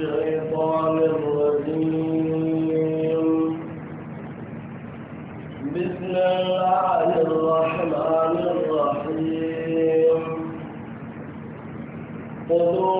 الشيطان الرجيم بسم الله الرحمن الرحيم خذوا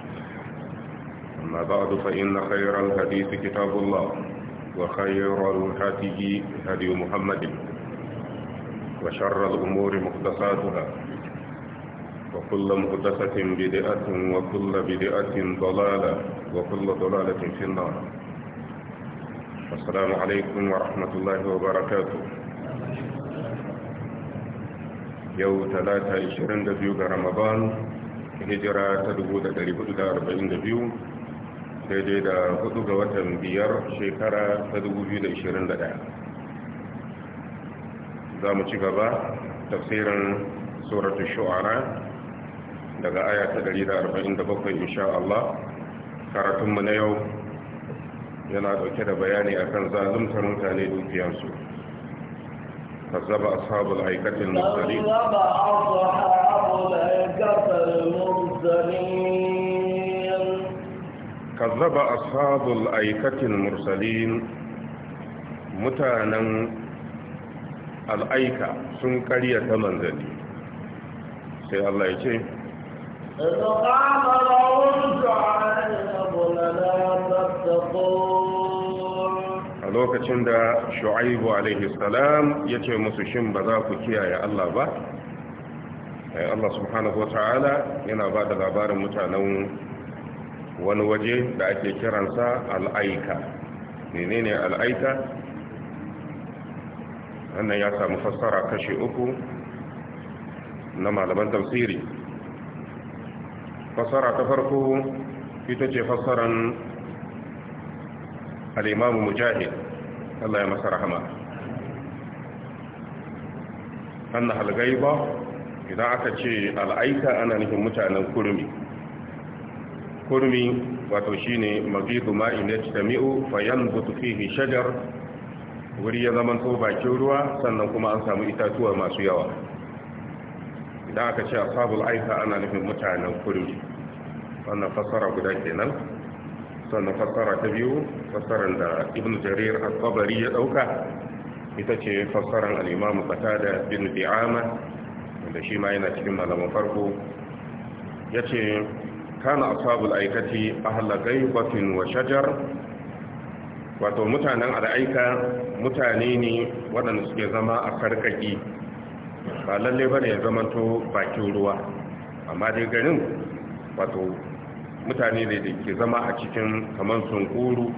أما بعد فإن خير الحديث كتاب الله وخير الهدي هدي محمد وشر الأمور مقدساتها وكل مقدسة بدئة وكل بدئة ضلالة وكل ضلالة في النار السلام عليكم ورحمة الله وبركاته yau talata رمضان هجرة ramadan hijira دبيو دبيو daidai da hudu ga watan biyar shekara ta 2021 za mu ci gaba tafsirin suratun shu'ara daga aya ta 147 insha Allah karatunmu na yau yana dauke da bayani akan zaluntar mutane dukiyarsu فذب أصحاب الأيكة المرسلين فذب أصحاب الأيكة المرسلين كذب أصحاب الأيكة المرسلين متانا الأيكة سنكرية منزلي سي الله يجي إذ قال لهم شعيب لا تتقون لوكacin da shu'aibu alaihi ya ce musu shin ba za ku kiyaye Allah ba Allah subhanahu wa ta'ala yana ba da labarin mutanen wani waje da ake kiransa al'aika menene al'aika wannan ya samu fassara kashe uku na malaman tafsiri fassara ta farko ita ce fassaran al'imamu mujahid Allah ya masa rahama an na halgaiba idan aka ce al'aika ana nufin mutanen kurmi kurmi wato shine mafidu ma'in yajtami'u fayanbutu fihi shajar wuri ya zama to bakin ruwa sannan kuma an samu itatuwa masu yawa idan aka ce ashabul aisa ana nufin mutanen kurmi wannan fassara guda kenan sannan fassara ta biyu fassarar da ibnu jarir al-tabari ya dauka ita ce fassarar al-imam qatada bin bi'ama wanda shi ma yana cikin malaman farko yace kana ashabul aikati ahla ghaibatin wa shajar wato mutanen al'aika mutane ne waɗanda suke zama a karkaki ba lalle bane ya zamanto bakin ruwa amma dai garin wato mutane ne da ke zama a cikin kamar sunkuru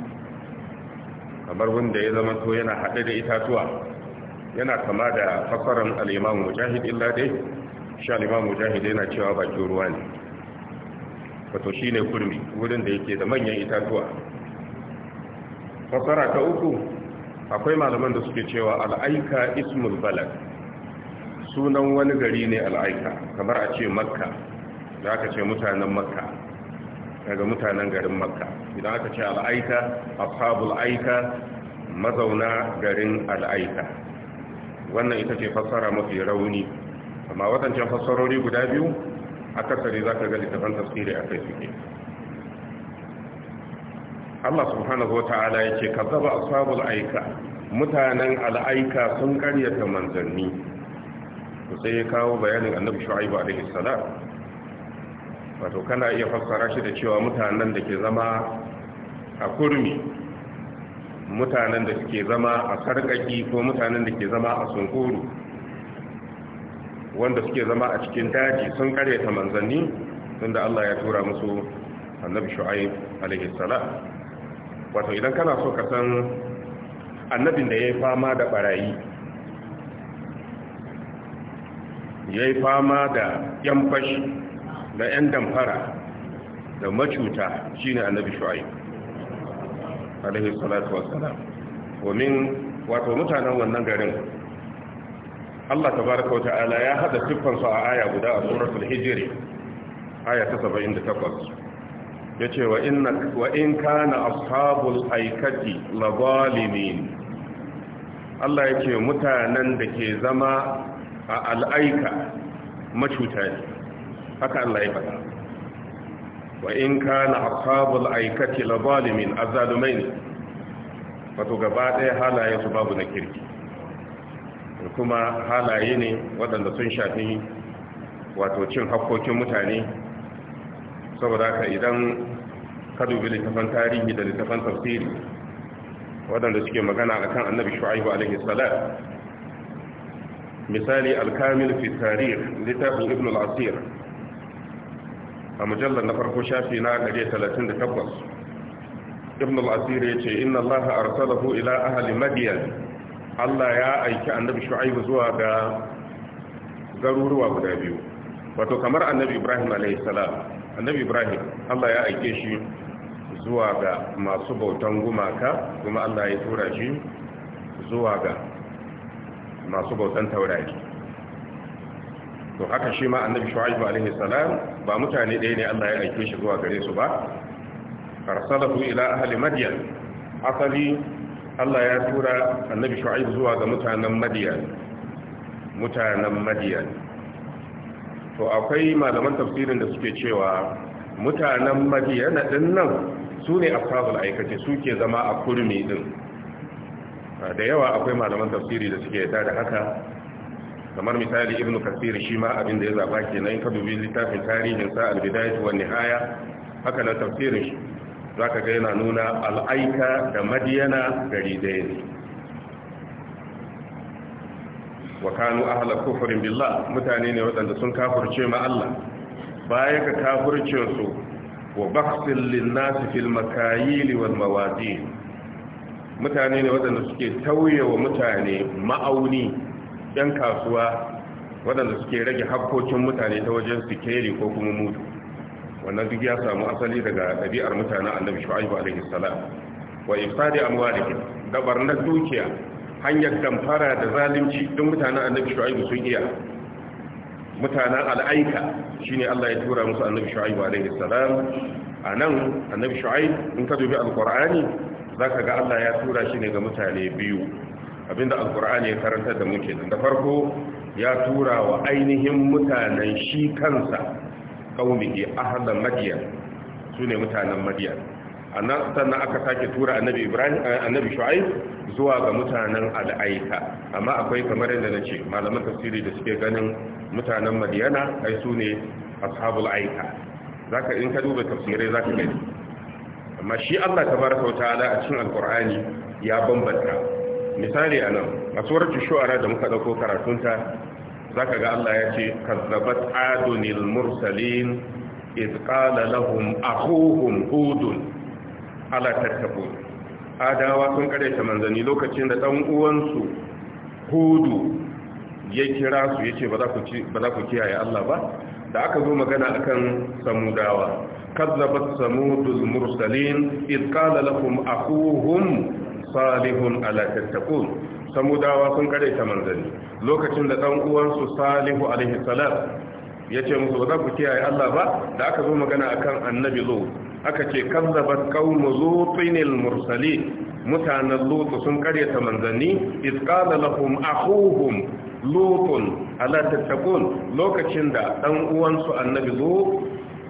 kamar wanda ya zamanto yana hade da itatuwa yana kama da fasarar al'imamu mujahid illa dai sha al'imamu mujahid yana cewa bakin ruwa ne wato ne kurmi wurin da yake da manyan itatuwa fasara ta uku akwai malaman da suke cewa al'aika ismul balad sunan wani gari ne al'aika kamar a ce makka da aka ce mutanen makka daga mutanen garin makka idan aka ce al'aika ashabul aika mazauna garin al'aika wannan ita ce fassara mafi rauni amma watancan fasarori guda biyu akasari za ka ga littafan tafsiri a kai suke Allah subhanahu wata'ala ya ce kazzaba ashabul aika mutanen al'aika sun karyata manzanni to sai ya kawo bayanin annabi shu'aibu alaihi salam wato kana iya fassara shi da cewa mutanen da ke zama a kurmi mutanen da suke zama a sarƙaƙi, ko mutanen da ke zama a sunkuru wanda suke zama a cikin daji sun karyata manzanni tunda Allah ya tura musu annabi shu'aib alaihi salam wato idan kana so ka san annabin da yayi fama da barayi yayi fama da yan fashi da yan damfara da macuta shine annabi shu'aib alaihi salatu wassalam wato mutanen wannan garin Allah tabaraka wata'ala ya hada siffar a aya guda a suratul hijri aya ta 78 yace wa inna wa in kana ashabul aikati la zalimin Allah yace mutanen da ke zama a al'aika macuta ne haka Allah ya faɗa wa in kana ashabul aikati la zalimin azalumai ne wato gaba ɗaya halaye su babu na kirki kuma halaye ne waɗanda sun shafi wato cin hakkokin mutane saboda haka idan ka dubi littafan tarihi da littafan tafsiri waɗanda suke magana a kan annabi shu'aibu alaihi salat misali alkamil fi tarih littafin ibn al-asir a mujallar na farko shafi na 138 ibn al-asir ya ce inna allaha arsalahu ila ahli madiyan Allah ya aiki annabi shu'aibu zuwa ga garuruwa guda biyu wato kamar annabi ibrahim salam annabi ibrahim Allah ya aike shi zuwa ga masu bautan gumaka kuma Allah ya tura shi zuwa ga masu bautan taurari to haka shi ma annabi shu'aibu salam ba mutane ɗaya ne Allah ya aike shi zuwa gare su ba arsalahu ila ahli madyan asali Allah ya tura annabi shu'aib zuwa ga mutanen madiyan mutanen madiyan to akwai malaman tafsirin da suke cewa mutanen madiyan din nan su ne ashabul aikace suke zama a kurmi din ah, da yawa akwai malaman tafsiri da suke yadda da haka kamar misali ibnu kasir shi ma abin da ya zaba kenan ka littafin tarihin sa al-bidayah wa nihaya haka na tafsirin shi. za ka ga yana nuna al'aika da madiyana gari daya ne wa kanu ahalar kufurin billah mutane ne waɗanda sun kafurce ba ya baya ga kafurcinsu wa baksin linnasi fil makayili wal mawazi mutane ne waɗanda suke tauye wa mutane ma'auni ɗan kasuwa waɗanda suke rage hakkokin mutane ta wajen sikeli ko kuma mutu wannan duk ya samu asali daga ɗabi'ar mutanen annabi shu'aibu alaihi salam wa ifsadi amwalihim da na dukiya hanyar damfara da zalunci duk mutanen annabi shu'aibu sun iya mutanen al'aika shine Allah ya tura musu annabi shu'aibu alaihi salam anan annabi shu'aib in ka dubi alqur'ani zaka ga Allah ya tura shi ne ga mutane biyu abinda alqur'ani ya karanta da muke da farko ya tura wa ainihin mutanen shi kansa qaumihi ahla madyan sune mutanen madyan annan sannan aka sake tura annabi ibrahim eh, annabi shu'aib zuwa ga mutanen al'aika amma akwai kamar yadda ce malaman tafsiri da suke ganin mutanen madiyana ai su ne ashabul aika zaka in ka duba tafsirai zaka gani amma shi Allah tabaraka wa ta'ala a cikin alqur'ani ya bambanta misali anan a suratul shu'ara da muka dauko karatunta zaka ga Allah ya ce kazzabat adunil mursalin iz qala lahum akhuhum hudun ala adawa sun ta manzani lokacin da dan uwansu hudu ya kira su yace ba za ku ba za ku kiyaye Allah ba da aka zo magana akan samudawa kazzabat samudul mursalin iz qala lahum akhuhum salihun ala samudawa sun karaita manzanni lokacin da dan uwansu salihu alaihi salam ya ce musu ba za ku kiyaye Allah ba da aka zo magana akan annabi zo aka ce kazzabat qaumu lutinil mursalin mutanen lutu sun karyata manzanni iz qala lahum akhuhum lutun ala tattaqun lokacin da dan uwansu annabi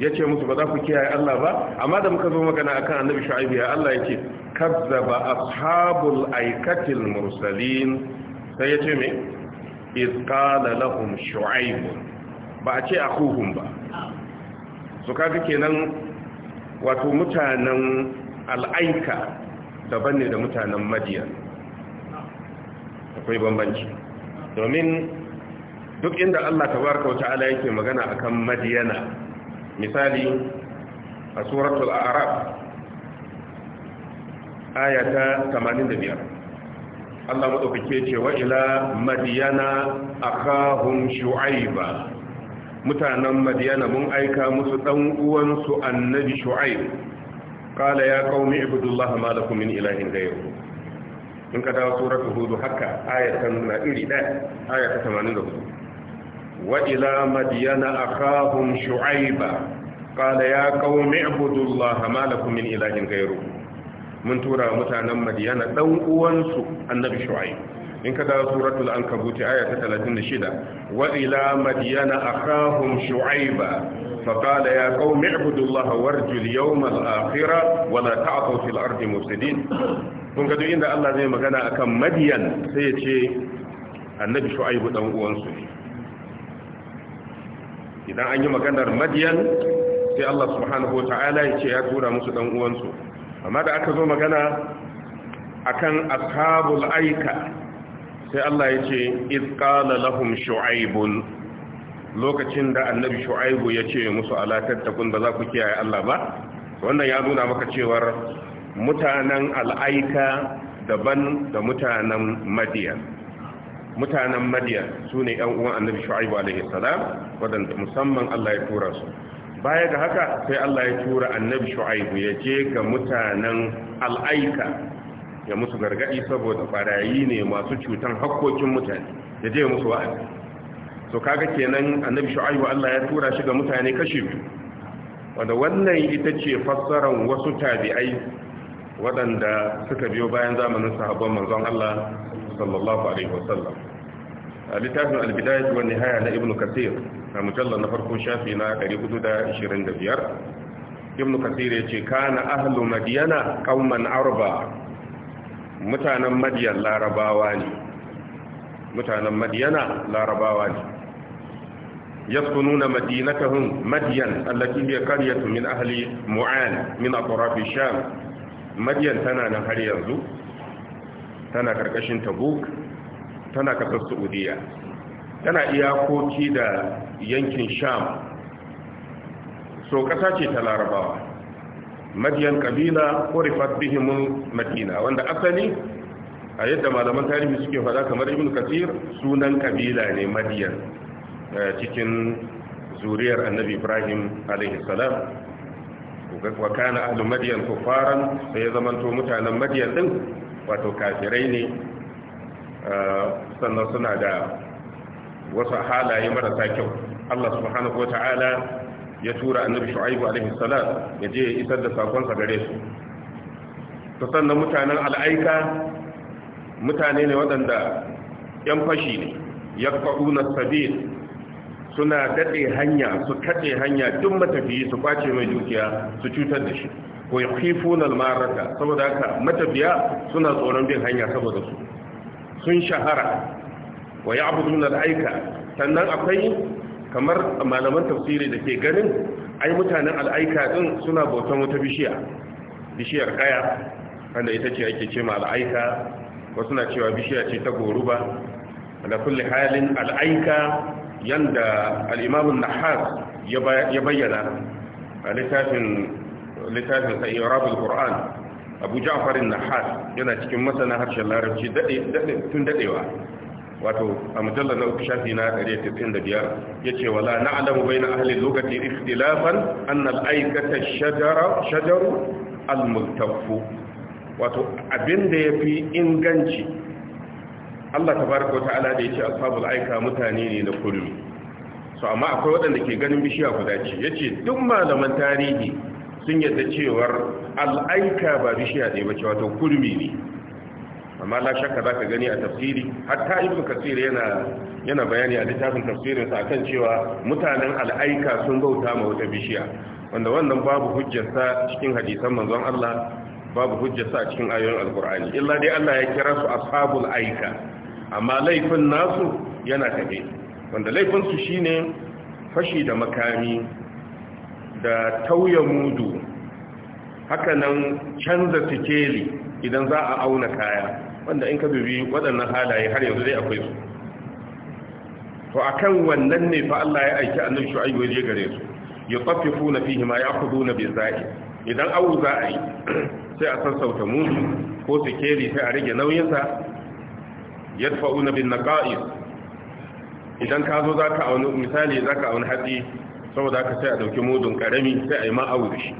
Ya ce musu ba za ku kiyaye Allah ba amma da muka zo magana akan annabi shu'aibu ya Allah yake kazzaba ashabul aikatil mursalin sai yace me iz qala lahum shu'aibu ba a ce akuhum ba su kaga kenan wato mutanen al'aika daban ne da mutanen madiyan akwai bambanci domin duk inda Allah tabaraka wa ta'ala yake magana akan madiyana misali a suratul arab ayata 85 Allah madaukake ce wa ila madiyana akahum shu'aiba mutanen madiyana mun aika musu dan uwan su annabi shu'aib qala ya qaumi ibudullaha ma lakum min ilahin ghayruhu in ka dawo suratul hud haka ayatan na iri daya ayata 84 وإلى مدين أخاهم شعيبا قال يا قوم اعبدوا الله ما لكم من إله غيره من تورى متانا مدين دوء النبي شعيب in ka dawo suratul ankabut ta 36 wa ila madyana akhahum shu'aiba faqala ya qaumi ibudu allaha warju al-yawma al-akhira wa ardi kun ga duk inda Allah zai magana akan Madiyan sai ya ce annabi shu'aibu dan uwan su ne idan an yi maganar madiyan sai Allah subhanahu wa ta'ala ya ce ya tura musu dan uwansu amma da aka zo magana akan ashabul aika sai Allah ya ce iz qala lahum shu'aibun lokacin da annabi shu'aibu ya ce musu alatar takun ba za ku kiyaye Allah ba wannan ya nuna maka cewar mutanen al'aika daban da mutanen madiyan mutanen madiya su ne yan uwan annabi shu'aibu alaihi salam wadanda musamman Allah ya tura su baya ga haka sai Allah ya tura annabi shu'aibu ya je ga mutanen al'aika ya musu gargadi saboda barayi ne masu cutan hakkokin mutane ya je musu wa'azi to kaga kenan annabi shu'aibu Allah ya tura shi ga mutane kashi biyu wanda wannan ita ce fassarar wasu tabi'ai waɗanda suka biyo bayan zamanin sahabban manzon Allah sallallahu alaihi wasallam a littafin albidayat wa nihaya na ibnu kathir a mujallar na farko shafi na 425 ibnu kathir yace kana ahlu madyana qauman arba mutanen madyan larabawa ne mutanen madyana larabawa ne يسكنون مدينتهم مدين التي هي قرية من أهل معان من أطراف الشام مدين تنا نهر ينزو tana karkashin tabuk tana kasar saudiya tana iyakoki da yankin sham so kasa ce ta larabawa madiyan kabila ko rifat bihimun madina wanda asali a yadda malaman tarihi suke faɗa kamar ibn kasir sunan kabila ne madiyan eh, cikin zuriyar annabi ibrahim alaihissalam wa kana ahlu madiyan kufaran sai ya zamanto mutanen madiyan din wato kafirai ne uh, sannan suna da wasu halaye marasa kyau Allah subhanahu wa ta'ala ya tura annabi shu'aibu alaihi salam ya je ya isar da sakonsa gare su to sannan mutanen al'aika mutane ne waɗanda 'yan fashi ne ya na sabil suna daɗe hanya su kaɗe hanya duk matafiyi su kwace mai dukiya su cutar da shi ko ya kifo na maraka saboda haka matafiya suna tsoron bin hanya saboda su sun shahara wa ya abu na aika sannan akwai kamar malaman tafsiri da ke ganin ai mutanen al'aika din suna bautan wata bishiya bishiyar kaya wanda ita ce ake ce ma al'aika wasu na cewa bishiya ce ta goruba da kulle halin al'aika yanda al'imamun nahas ya bayyana a littafin sa irabul ƙoran abu farin nahas yana cikin masana harshen larabci tun daɗewa wato a mujallar na uku shafi na 195 ya ce wala na alamu bai na ahalin lokaci ikhtilafan annal aikata shajaru al-multafu wato abin da ya fi inganci Allah ta tabaraka wata'ala da yace ashabul aika mutane ne na kullu so amma akwai waɗanda ke ganin bishiya guda ce yace duk malaman tarihi sun yadda cewar al'aika ba bishiya ba bace wato kulmi ne amma la shakka zaka gani a tafsiri hatta ibn kasir yana yana bayani a littafin tafsirin sa akan cewa mutanen al'aika sun bauta ma wata bishiya wanda wannan babu hujjarsa cikin hadisan manzon Allah babu hujjarsa a cikin ayoyin alkur'ani illa dai Allah ya kira su ashabul aika amma laifin nasu yana tafe wanda laifinsu shine fashi da makami da tauye mudu hakanan canza tikeli idan za a auna kaya wanda in ka dubi waɗannan halaye har yanzu dai akwai su to akan wannan ne fa Allah ya aiki annabi shu'aib waje gare su yutaffifuna fihi ma ya'khuduna bi za'i idan awu za a sai a sassauta mudu ko tikeli sai a rage nauyinsa yadfa'una bin naqa'is idan ka zo zaka auni misali zaka auna hatsi saboda ka sai a dauki mudun karami sai a yi ma awu da shi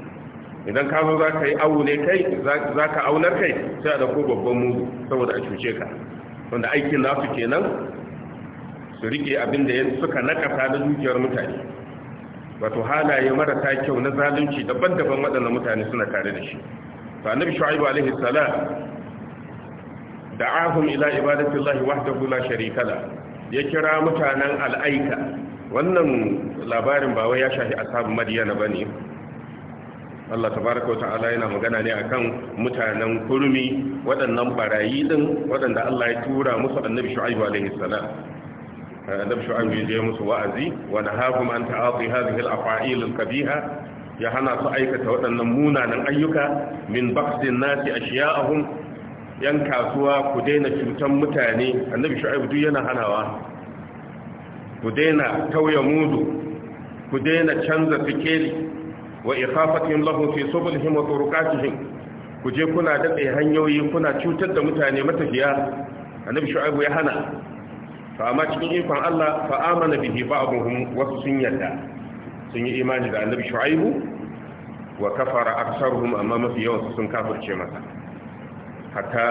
idan ka zo zaka yi awu ne kai zaka auna kai sai a dauko babban mudu saboda a cuce ka wanda aikin nasu kenan su rike abin da suka nakasa da dukiyar mutane wato halaye marasa kyau na zalunci daban-daban waɗannan mutane suna tare da shi fa annabi shu'aib alaihi salam da'ahum ila ibadatillahi wahdahu la sharika la ya kira mutanen al'aika wannan labarin ba wai ya shafi ashabu madiyana bane Allah tabaraka wa ta'ala yana magana ne akan mutanen kurmi waɗannan barayi din waɗanda Allah ya tura musu annabi shu'aibu alayhi salam annabi shu'aibu ya musu wa'azi wa nahahum an ta'ati hadhihi al-afa'il al-kabiha ya hana su aikata waɗannan munanan ayyuka min baqsin nasi ashiya'ahum yan kasuwa ku daina cutan mutane annabi shu'aibu duk yana hanawa ku daina tauya mudu ku daina canza fikeli wa ikhafatin lahu fi subulhim wa turqatihim ku je kuna dade hanyoyi kuna cutar da mutane matafiya annabi shu'aibu ya hana fa amma cikin ikon Allah fa amana bihi ba'dhum wasu sun yadda, sun yi imani da annabi shu'aibu wa kafara aktsaruhum amma mafi yawan sun kafirce masa hatta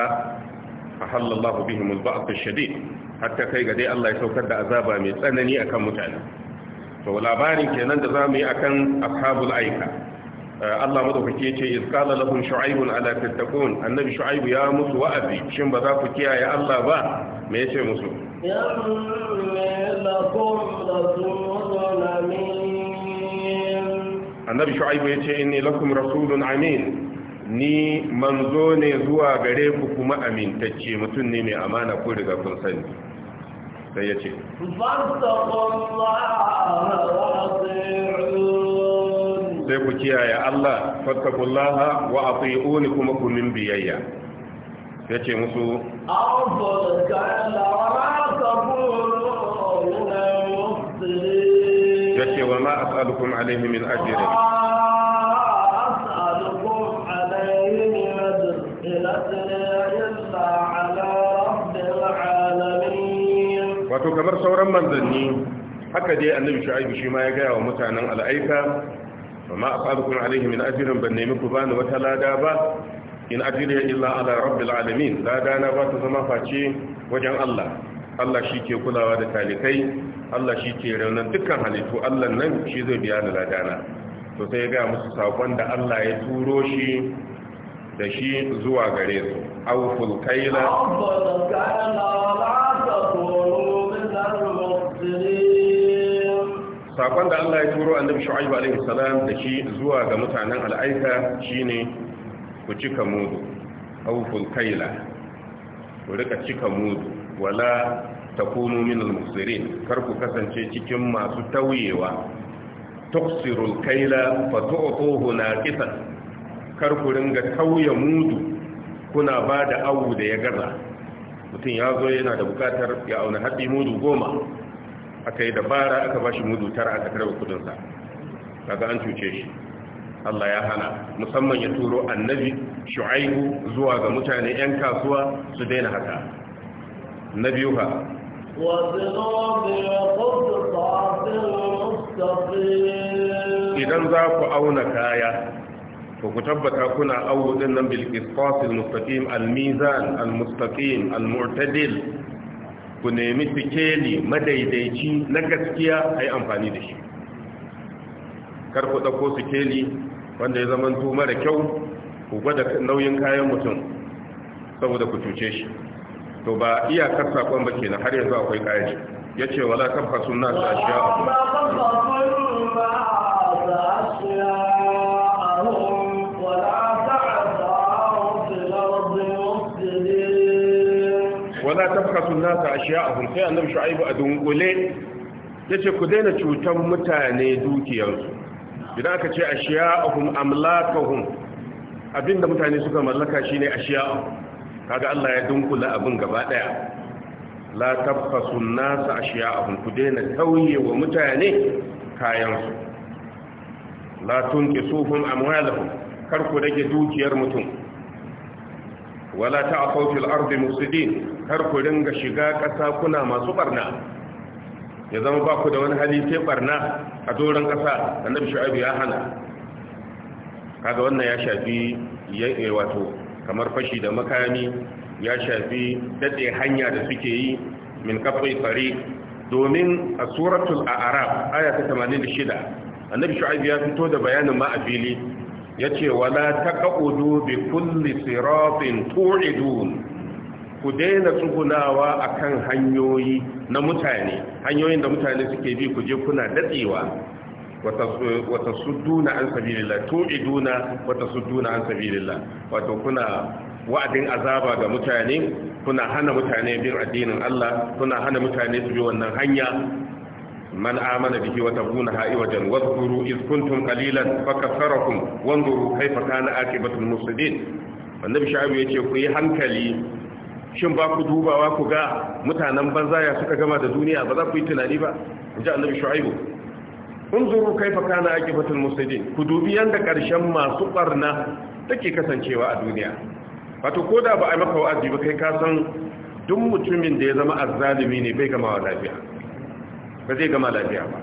ahallallahu bihim al-ba'th ash-shadid hatta kai ga dai Allah ya saukar da azaba mai tsanani akan mutane to labarin kenan da zamu yi akan ashabul aika Allah madaukake yace iz qala lahum shu'aybun ala tattaqun annabi shu'ayb ya musu wa'azi shin ba za ku kiyaye Allah ba me yace musu ya lakum lakum annabi shu'ayb yace inni lakum rasulun amin ni manzo ne zuwa gare ku kuma amintacce mutum ne mai amana ko daga kun sani sai ya ce sai ku kiyaye Allah fattakullaha wa ati'uni kuma ku min biyayya ya ce musu ya ce wa ma as'alukum alaihi min ajrin wato kamar sauran manzanni haka dai annabi shu'aibu shi ma ya gaya wa mutanen al'aika wa ma asabukum alaihi min ban nemi ku bani wata lada ba in ajriya illa ala rabbil alamin lada na ba ta zama face wajen Allah Allah shi ke kulawa da talikai Allah shi ke raunar dukkan halittu Allah nan shi zai biya da lada to sai ya gaya musu sakon da Allah ya turo shi da shi zuwa gare su awful kaila sakon da Allah ya turo annabi shu'aib alaihi salam da shi zuwa ga mutanen al'aika shine ku cika mudu awful kaila ku rika cika mudu wala takunu min al-musirin kar ku kasance cikin masu tauyewa tuksirul kaila fa tu'tuhu naqisan kar ku ringa tauya mudu kuna ba da awu da ya gaza mutum ya zo yana da bukatar ya auna haɗi mudu goma aka yi dabara aka ba shi mudu tara aka karɓa kudinsa kaga an cuce shi Allah ya hana musamman ya turo annabi shu'aibu zuwa ga mutane 'yan kasuwa su daina haka na biyu ka idan za ku auna kaya to ku tabbata kuna awu din nan bil qisqas al mustaqim al mizan al mustaqim al mu'tadil ku nemi sikeli madaidaici na gaskiya ai amfani da shi kar ku dauko sikeli wanda ya zama to mara kyau ku gwada nauyin kayan mutum saboda ku cuce shi to ba iya sakon ba kenan har yanzu akwai kaji yace wala tabbasun ta ashiya iyyakun nasa ashiya'ahum sai annabi shu'aibu a dunkule yace ku daina cutan mutane dukiyarsu idan aka ce ashiya'ahum amlakahum abinda mutane suka mallaka shine ashiya'ahum kaga Allah ya dunkula abin gaba daya la sun nasa ashiya'ahum ku daina tauye wa mutane kayansu la tunqisuhum amwalahum kar ku rage dukiyar mutum wala a fil ardi mufsidin kar ku ringa shiga ƙasa kuna masu barna ya zama ba ku da wani hali sai barna a doron ƙasa annabi shu'aibu ya hana kaga wannan ya shafi eh, wato kamar fashi da makami ya shafi dade hanya da suke yi min kafai tsari domin a suratul a'raf aya ta 86 annabi shu'aibu ya fito da bayanin ma a fili yace wala taqudu bi kulli siratin tu'idun ku daina tsugunawa akan hanyoyi na mutane hanyoyin da mutane suke bi ku je kuna datsewa wata sudduna an sabilillah tu'iduna wata sudduna an sabilillah wato kuna wa'adin azaba ga mutane kuna hana mutane bin addinin Allah kuna hana mutane su bi wannan hanya man amana bihi wa tabuna ha'iwajan wadhkuru iz kuntum qalilan fakatharakum wanzuru kayfa kana akibatul mufsidin annabi shaibu yace ku yi hankali shin baku ku dubawa ku ga mutanen banza ya suka gama da duniya ba za ku yi tunani ba inji annabi shu'aibu unzuru kaifa kana aqibatul mufsidin ku dubi yanda karshen masu barna take kasancewa a duniya wato koda ba a maka wa'azi ba kai ka san duk mutumin da ya zama azzalimi ne bai gama lafiya ba zai gama lafiya ba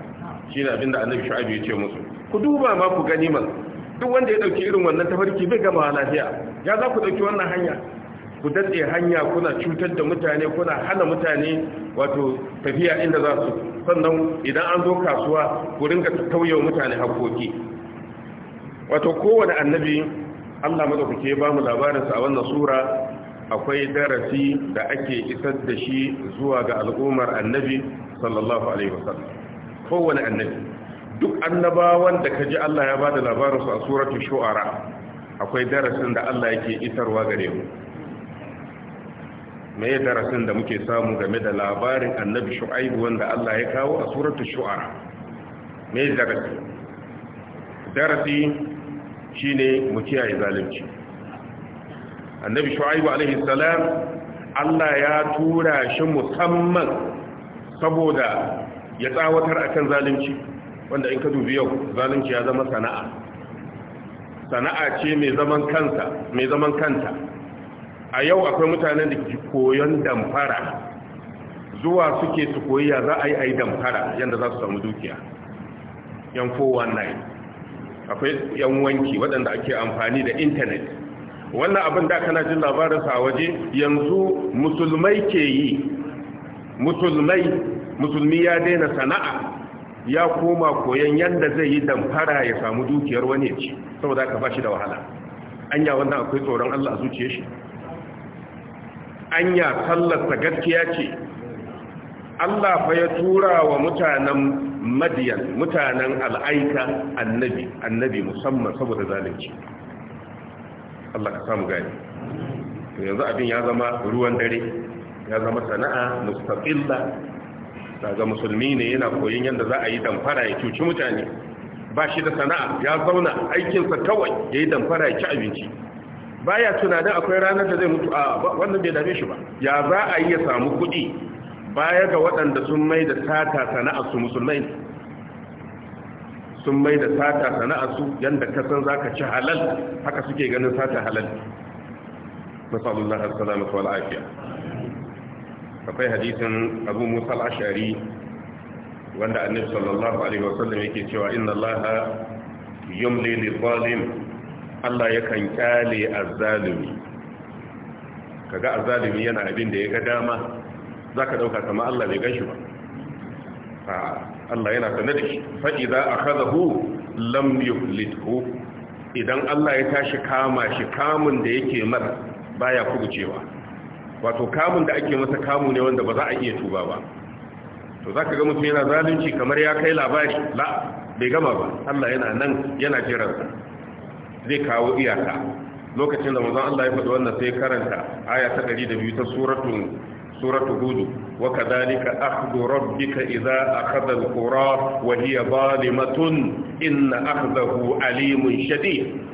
shi ne abinda annabi Shu'aibu ya ce musu ku duba ma ku gani man duk wanda ya dauki irin wannan tafarki bai gama lafiya ya za ku dauki wannan hanya ku datse hanya kuna cutar da mutane kuna hana mutane wato tafiya inda za su sannan idan an zo kasuwa ku ringa tauye mutane hakoki wato kowane annabi Allah ke ba mu labarinsa a wannan sura akwai darasi da ake isar da shi zuwa ga al'ummar annabi sallallahu alaihi wasallam kowane annabi duk annabawan da kaji Allah ya bada labarin su a suratul shu'ara akwai darasin da Allah yake isarwa gare mu me darasin da muke samu game da labarin annabi shu'aib wanda Allah ya kawo a suratul shu'ara me darasi darasi shine mu kiyaye zalunci annabi shu'aib alaihi salam Allah ya tura shi musamman saboda ya tsawatar a kan zalunci wanda in ka dubi yau zalunci ya zama sana'a sana'a ce mai zaman kanta a yau akwai mutanen da ke koyon damfara zuwa suke su koyi ya za a yi a damfara yadda za su samu dukiya yan 419 akwai yan wanki waɗanda ake amfani da intanet wannan abin da kana jin labarinsa a waje yanzu musulmai ke yi musulmai musulmi ya daina sana'a ya koma koyon yadda zai yi damfara ya samu dukiyar wani ya ci saboda ka bashi da wahala anya wannan akwai tsoron Allah a shi anya sallarsa gaskiya ce Allah fa ya tura wa mutanen madiyan mutanen al'aika annabi annabi musamman saboda zalunci Allah ka samu gani yanzu abin ya zama ruwan dare ya zama sana'a mustaqilla ga musulmi ne yana koyon yadda za a yi damfara ya cuci mutane ba shi da sana'a ya zauna aikinsa kawai ya yi damfara ya ci abinci baya tunanin akwai ranar da zai mutu a wannan bai dame shi ba ya za a yi ya samu kuɗi baya ga waɗanda sun mai da sata sana'a su musulmai sun mai da sata sana'a su yadda ka san za ka ci halal haka suke ganin sata halal masalullah assalamu alaikum akwai hadisin abu musa al'ashari wanda annabi sallallahu alaihi wasallam yake cewa inna allaha yumli lil Allah yakan kyale azzalimi kaga azzalimi yana abin da ya ga dama za ka dauka kamar Allah bai ganshi ba Allah yana sanar da shi a kaza hu, lam yuflithu idan Allah ya tashi kama shi kamun da yake mar baya kubucewa wato kamun da ake masa kamu ne wanda ba za a iya tuba ba to zaka ga mutum yana zalunci kamar ya kai labari la bai gama ba Allah yana nan yana jiransa zai kawo iyaka lokacin da manzon Allah ya faɗi wannan sai karanta aya ta 102 ta suratul suratul hud wa kadhalika akhdhu rabbika idza akhadha al-qura wa hiya zalimatun inna akhdahu alimun shadid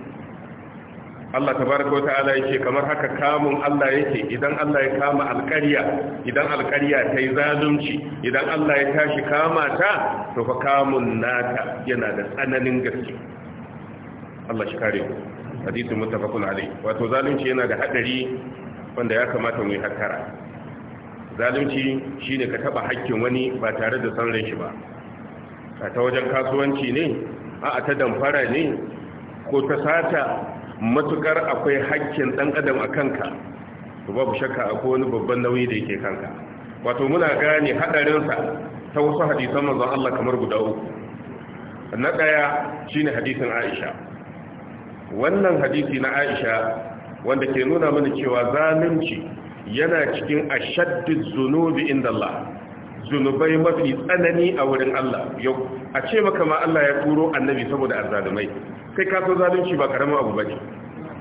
Allah tabaraka wa ta'ala yake kamar haka kamun Allah yake idan Allah ya kama alƙarya idan alƙarya ta yi zalunci idan Allah ya tashi kama ta to fa kamun nata yana da tsananin gaske Allah shi kare hadisi muttafaqun alayhi wato zalunci yana da hadari wanda ya kamata mu yi hakkara zalunci shine ka taba hakkin wani ba tare da san shi ba ta wajen kasuwanci ne a ta damfara ne ko ta sata matukar akwai hakkin ɗan adam a kanka to babu shakka akwai wani babban nauyi da yake kanka wato muna gane hadarin ta wasu hadisan manzon Allah kamar guda uku na daya shine hadisin Aisha wannan hadisi na Aisha wanda ke nuna mana cewa zalunci yana cikin ashaddu zunubi inda Allah zunubai mafi tsanani a wurin Allah yau a ce maka ma Allah ya turo annabi saboda azzalumai Sai ka so zalunci ba karamin abu bane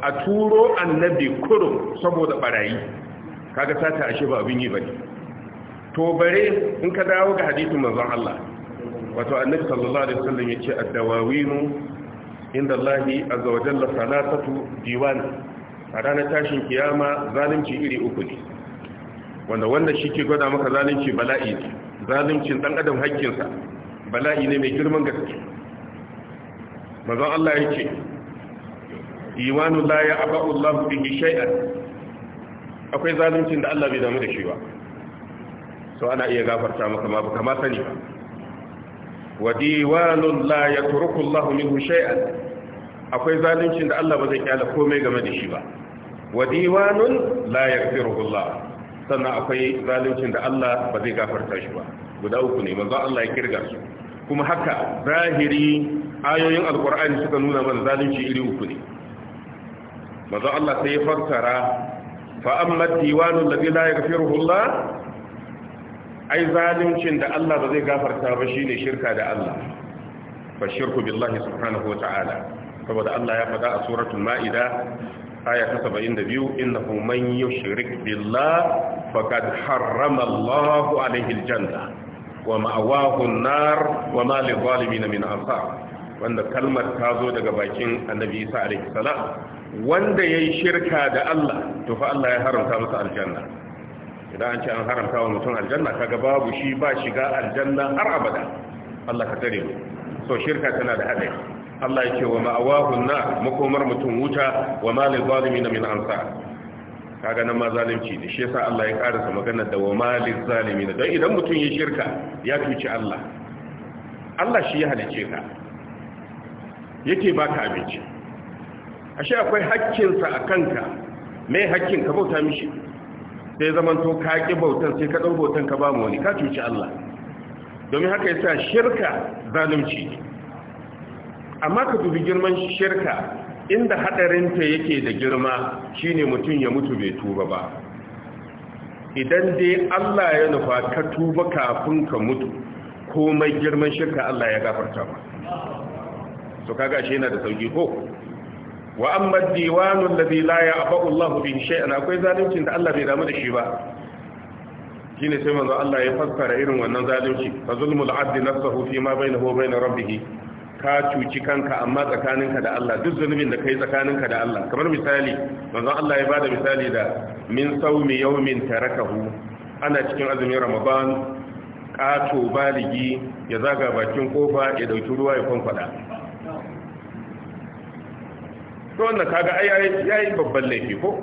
a turo annabi kurum saboda barayi kaga sata ashe ba abin yi bane to bare in ka dawo ga hadisin manzon Allah wato annabi sallallahu alaihi wasallam yace ad-dawawinu inda Allah azza wa jalla salatatu diwan a ranar tashin kiyama zalunci iri uku ne wanda wannan shi ke gwada maka zalunci bala'i ne zaluncin ɗan adam hakkinsa bala'i ne mai girman gaske manzon Allah ya yake imanu la ya'ba'u Allah bihi shay'an akwai zaluncin da Allah bai damu da shi ba so ana iya gafarta maka ma baka ma sani ba wa diwanun la yatruku Allah minhu shay'an akwai zaluncin da Allah ba zai kyala komai game da shi ba wa diwanun la yaghfiruhu Allah sannan akwai zaluncin da Allah ba zai gafarta shi ba guda uku ne manzo Allah ya kirga su kuma haka zahiri ayoyin Alƙur'ani suka nuna mana zalunci iri uku ne manzo Allah sai ya fassara fa amma diwanu alladhi la yaghfiruhu Allah ai zaluncin da Allah ba zai gafarta ba shine shirka da Allah fa shirku billahi subhanahu wa ta'ala saboda Allah ya faɗa a suratul ma'ida aya ta 72 innahu man yushrik billah faqad harrama Allahu alaihi aljanna wa ma'awahu wa ma wanda kalmar ta zo daga bakin annabi Isa alaihi salam wanda yayi shirka da Allah to fa Allah ya haramta masa aljanna idan an ce an haramta wa mutum aljanna kaga babu shi ba shiga aljanna har abada Allah ka tare mu so shirka tana da hadari Allah ya ce wa ma'awahun na makomar mutum wuta wa malil zalimin min ansar kaga nan ma zalunci ne shi yasa Allah ya karasa magana da wa malil na. don idan mutum ya shirka ya tuci Allah Allah shi ya halice ka yake baka abinci ashe akwai hakkinsa a kanka me hakkin ka bauta mishi sai zaman to ka ki bautan sai ka dau bautan ka ba mu wani ka tuci Allah domin haka yasa shirka zalunci ne amma ka dubi girman shirka inda hadarinta yake da girma shine mutum ya mutu bai tuba ba idan dai Allah ya nufa ka tuba kafin ka mutu komai girman shirka Allah ya gafarta ba to kaga shi yana da sauki ko wa amma diwanu alladhi la ya'ba'u Allah bi shay'in akwai zaluncin da Allah bai damu da shi ba shine sai manzo Allah ya fassara irin wannan zalunci fa zulmul abdi nafsuhu fi ma bainahu wa bain rabbih ka cuci kanka amma tsakaninka da Allah duk zunubin da kai tsakaninka da Allah kamar misali manzo Allah ya bada misali da min sawmi yawmin tarakahu ana cikin azumin Ramadan kato baligi ya zaga bakin kofa ya dauki ruwa ya kwankwada to wannan kaga ai yayi babban laifi ko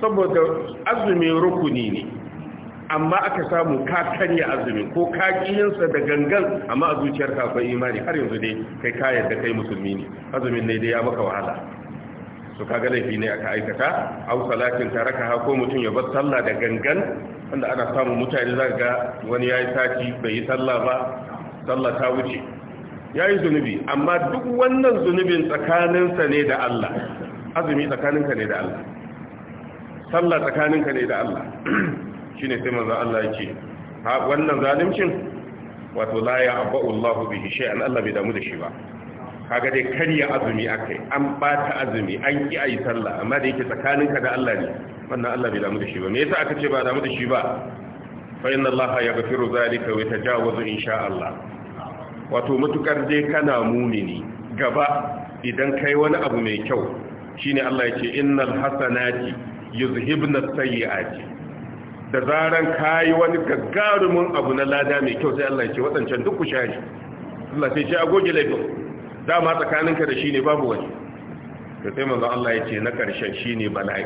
saboda azumin rukuni ne amma aka samu ka kanya azumi ko ka kiyinsa da gangan amma a zuciyar kafin imani har yanzu dai kai ka da kai musulmi ne azumin ne dai ya maka wahala su kaga laifi ne aka aikata au salakin taraka ha ko mutum ya bar sallah da gangan wanda ana samu mutane za ga wani ya yi sati bai yi sallah ba sallah ta wuce Ya yi zunubi amma duk wannan zunubin tsakaninsa ne da Allah azumi tsakaninka ne da Allah sallah tsakaninka ne da Allah Shi ne sai manzon Allah yake ha wannan zalimcin wato la ya ya'ba'u Allah shi shay'an Allah bai damu da shi ba kaga dai karya azumi aka yi, an bata azumi an ki yi sallah amma da yake tsakaninka da Allah ne wannan Allah bai damu da shi ba me yasa aka ce ba damu da shi ba fa inna Allah yaghfiru zalika wa yatajawazu insha Allah wato mutukar dai kana mumini gaba idan kai wani abu mai kyau shine Allah ya ce innal hasanati yuzhibna sayyi'ati da zaran kayi wani gaggarumin abu na lada mai kyau sai Allah ya ce waɗancan duk ku shari Allah sai ce agogi laifin dama tsakaninka da shi ne babu wani da sai manzo Allah ya ce na ƙarshen shi ne bala'i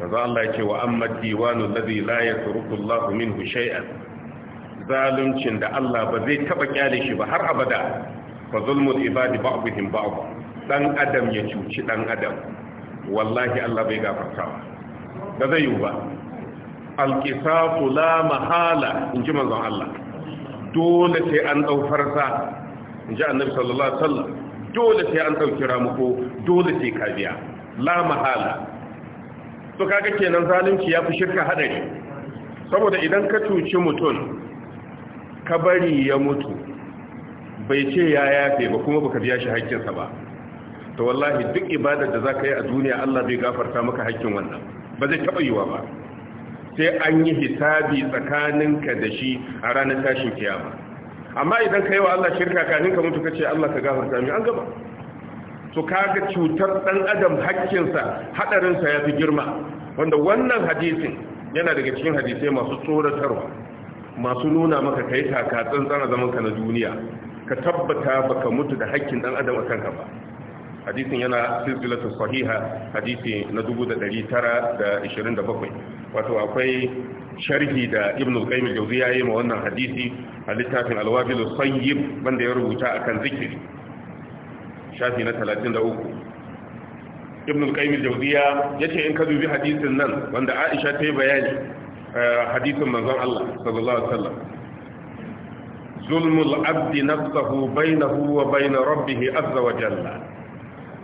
manzo Allah ya ce wa amma diwanu ladhi la yasruku Allah minhu shay'an zaluncin da Allah ba zai taba kyale shi ba har abada fa zulmul ibadi ba'dhum ba'd dan adam ya cuci dan adam wallahi Allah bai gafarta Da zai yiwu ba alƙisasu la mahala in ji manzon Allah dole sai an ɗau farsa in ji annabi sallallahu alaihi wasallam dole sai an ɗauki ramuko dole sai kabiya la mahala to kaga kenan zalunci ya fi shirka hadari saboda idan ka cuci mutum ka bari ya mutu bai ce ya yafe ba kuma baka biya shi haƙƙinsa ba to wallahi duk ibadar da zaka yi a duniya Allah bai gafarta maka haƙƙin wannan ba zai taɓa yiwa ba sai an yi hisabi tsakaninka da shi a ranar tashin kiyama amma idan ka yi wa Allah shirka kanin ka mutu ka ce Allah ka gafarta sami an gaba to kaga cutar ɗan adam hakkinsa haɗarinsa ya fi girma wanda wannan hadisin yana daga cikin hadisai masu tsoratarwa masu nuna maka ka yi taka tsantsan a zamanka na duniya ka tabbata baka mutu da hakkin ɗan adam a kanka ba hadisin yana silsilatu sahiha hadisi na 1927 wato akwai sharhi da ibn al-qayyim al-jawzi yayi ma wannan hadisi a littafin al-wabil sayyib wanda ya rubuta akan zikiri shafi na 33 ibn al-qayyim al-jawziya yace in ka dubi hadisin nan wanda Aisha ta yi bayani eh, hadisin manzon Allah sallallahu alaihi wasallam zulmul abdi nafsuhu bainahu wa bain rabbih azza wa jalla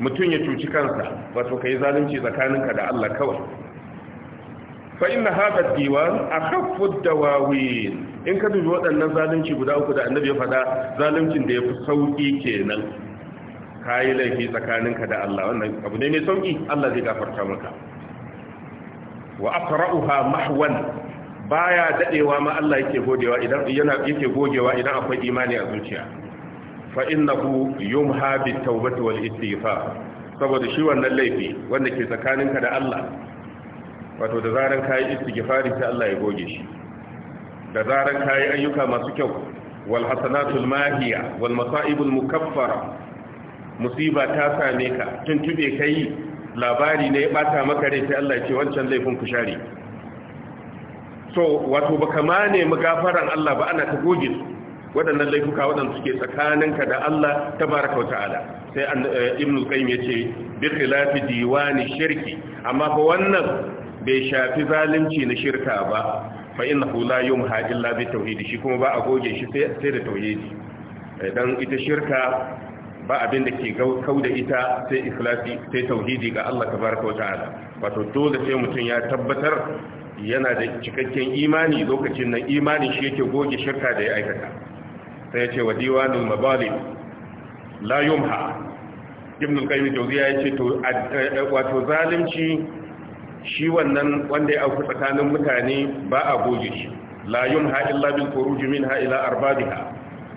mutum ya cuci kansa wato kai zalunci tsakaninka da Allah kawai fa inna hadha diwan akhaffu dawawin in ka dubi waɗannan zalunci guda uku da annabi ya faɗa zaluncin da yafi sauki kenan kai laifi tsakaninka da Allah wannan abu ne mai sauki Allah zai gafarta maka wa aqra'uha mahwan baya dadewa ma Allah yake godewa idan yana yake gogewa idan akwai imani a zuciya fa innahu yumha bit tawbati wal istighfar saboda shi wannan laifi wanda ke tsakaninka da Allah wato da zaran kai istighfari sai Allah ya goge shi da zaran kai ayyuka masu kyau wal hasanatul mahiya wal masaibul mukaffara musiba ta same ka tuntube kai labari ne ya bata maka rai sai Allah ya ce wancan laifin ku share so wato baka ma nemi gafaran Allah ba ana ta goge su waɗannan laifuka waɗanda suke tsakaninka da Allah tabaraka wa ta'ala sai eh, ibn qayyim yace bi khilafi diwani shirki amma fa wannan bai shafi zalunci na shirka ba fa innahu la yumha illa bi tauhidi shi kuma ba a goge shi sai da tauhidi eh, dan ita shirka ba abin da ke kau da ita sai ikhlasi sai tauhidi ga Allah tabaraka wa ta'ala wato dole sai mutum ya tabbatar yana da cikakken imani lokacin nan imani shi yake goge shirka da ya aikata sai ya ce wa diwanul mazalim la yumha ibn al-qayyim jawziya yace to wato zalunci shi wannan wanda ya auku tsakanin mutane ba a goge shi la yumha illa bil khuruj minha ila arbadiha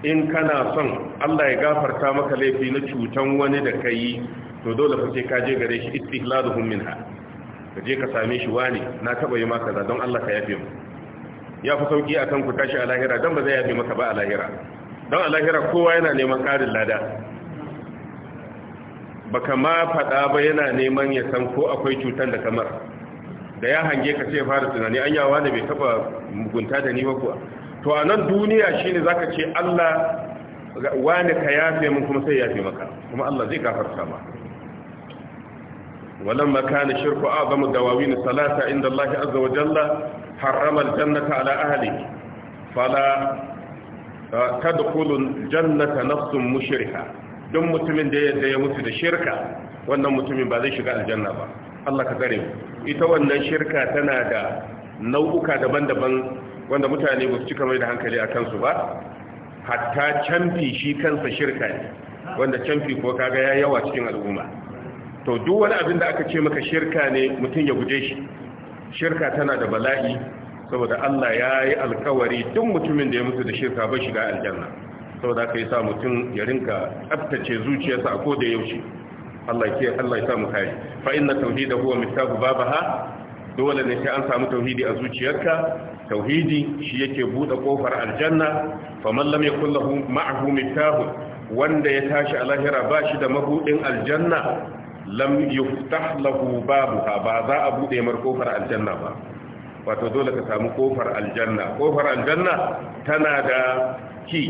in kana son Allah ya gafarta maka laifi na cutan wani da kai to dole fa sai ka je gare shi istihladuhum minha ka je ka same shi wani na taba yi maka don Allah ka yafe mu ya fi sauki akan ku tashi a lahira dan ba zai yafe maka ba a lahira don a lahira kowa yana neman ƙarin lada baka ma faɗa ba yana neman ya san ko akwai cutar da kamar da ya hange ka ce fara tunani an yawa da bai taba mugunta da ni ba kuwa to a nan duniya shi ne za ka ce Allah wani ka yafe mun kuma sai yafe maka kuma Allah zai gafarta ma a كان شرك أعظم الدواوين الثلاثة عند الله عز وجل حرم الجنة ala ahli fala. tadkhulul jannata nafsun mushrika don mutumin da yadda ya mutu da shirka wannan mutumin ba zai shiga aljanna ba Allah ka gare ita wannan shirka tana da nau'uka daban-daban wanda mutane ba su cika mai da hankali a kansu ba hatta canfi shi kansa shirka ne wanda canfi ko kaga ya yawa cikin al'umma to duk wani abin da aka ce maka shirka ne mutum ya guje shi shirka tana da bala'i saboda Allah ya yi alkawari tun mutumin da ya mutu da shirka ba shiga aljanna saboda ka yi sa mutum ya rinka tsabtace zuciyarsa a koda yaushe Allah ya Allah ya kai fa inna tauhida huwa miftahu babaha dole ne sai an samu tauhidi a zuciyarka tauhidi shi yake bude kofar aljanna man lam yakul lahu ma'ahu miftahu wanda ya tashi a lahira ba shi da mabudin aljanna lam yuftah lahu babuha ba za a bude mar kofar aljanna ba wato dole ka samu kofar aljanna kofar aljanna tana da ki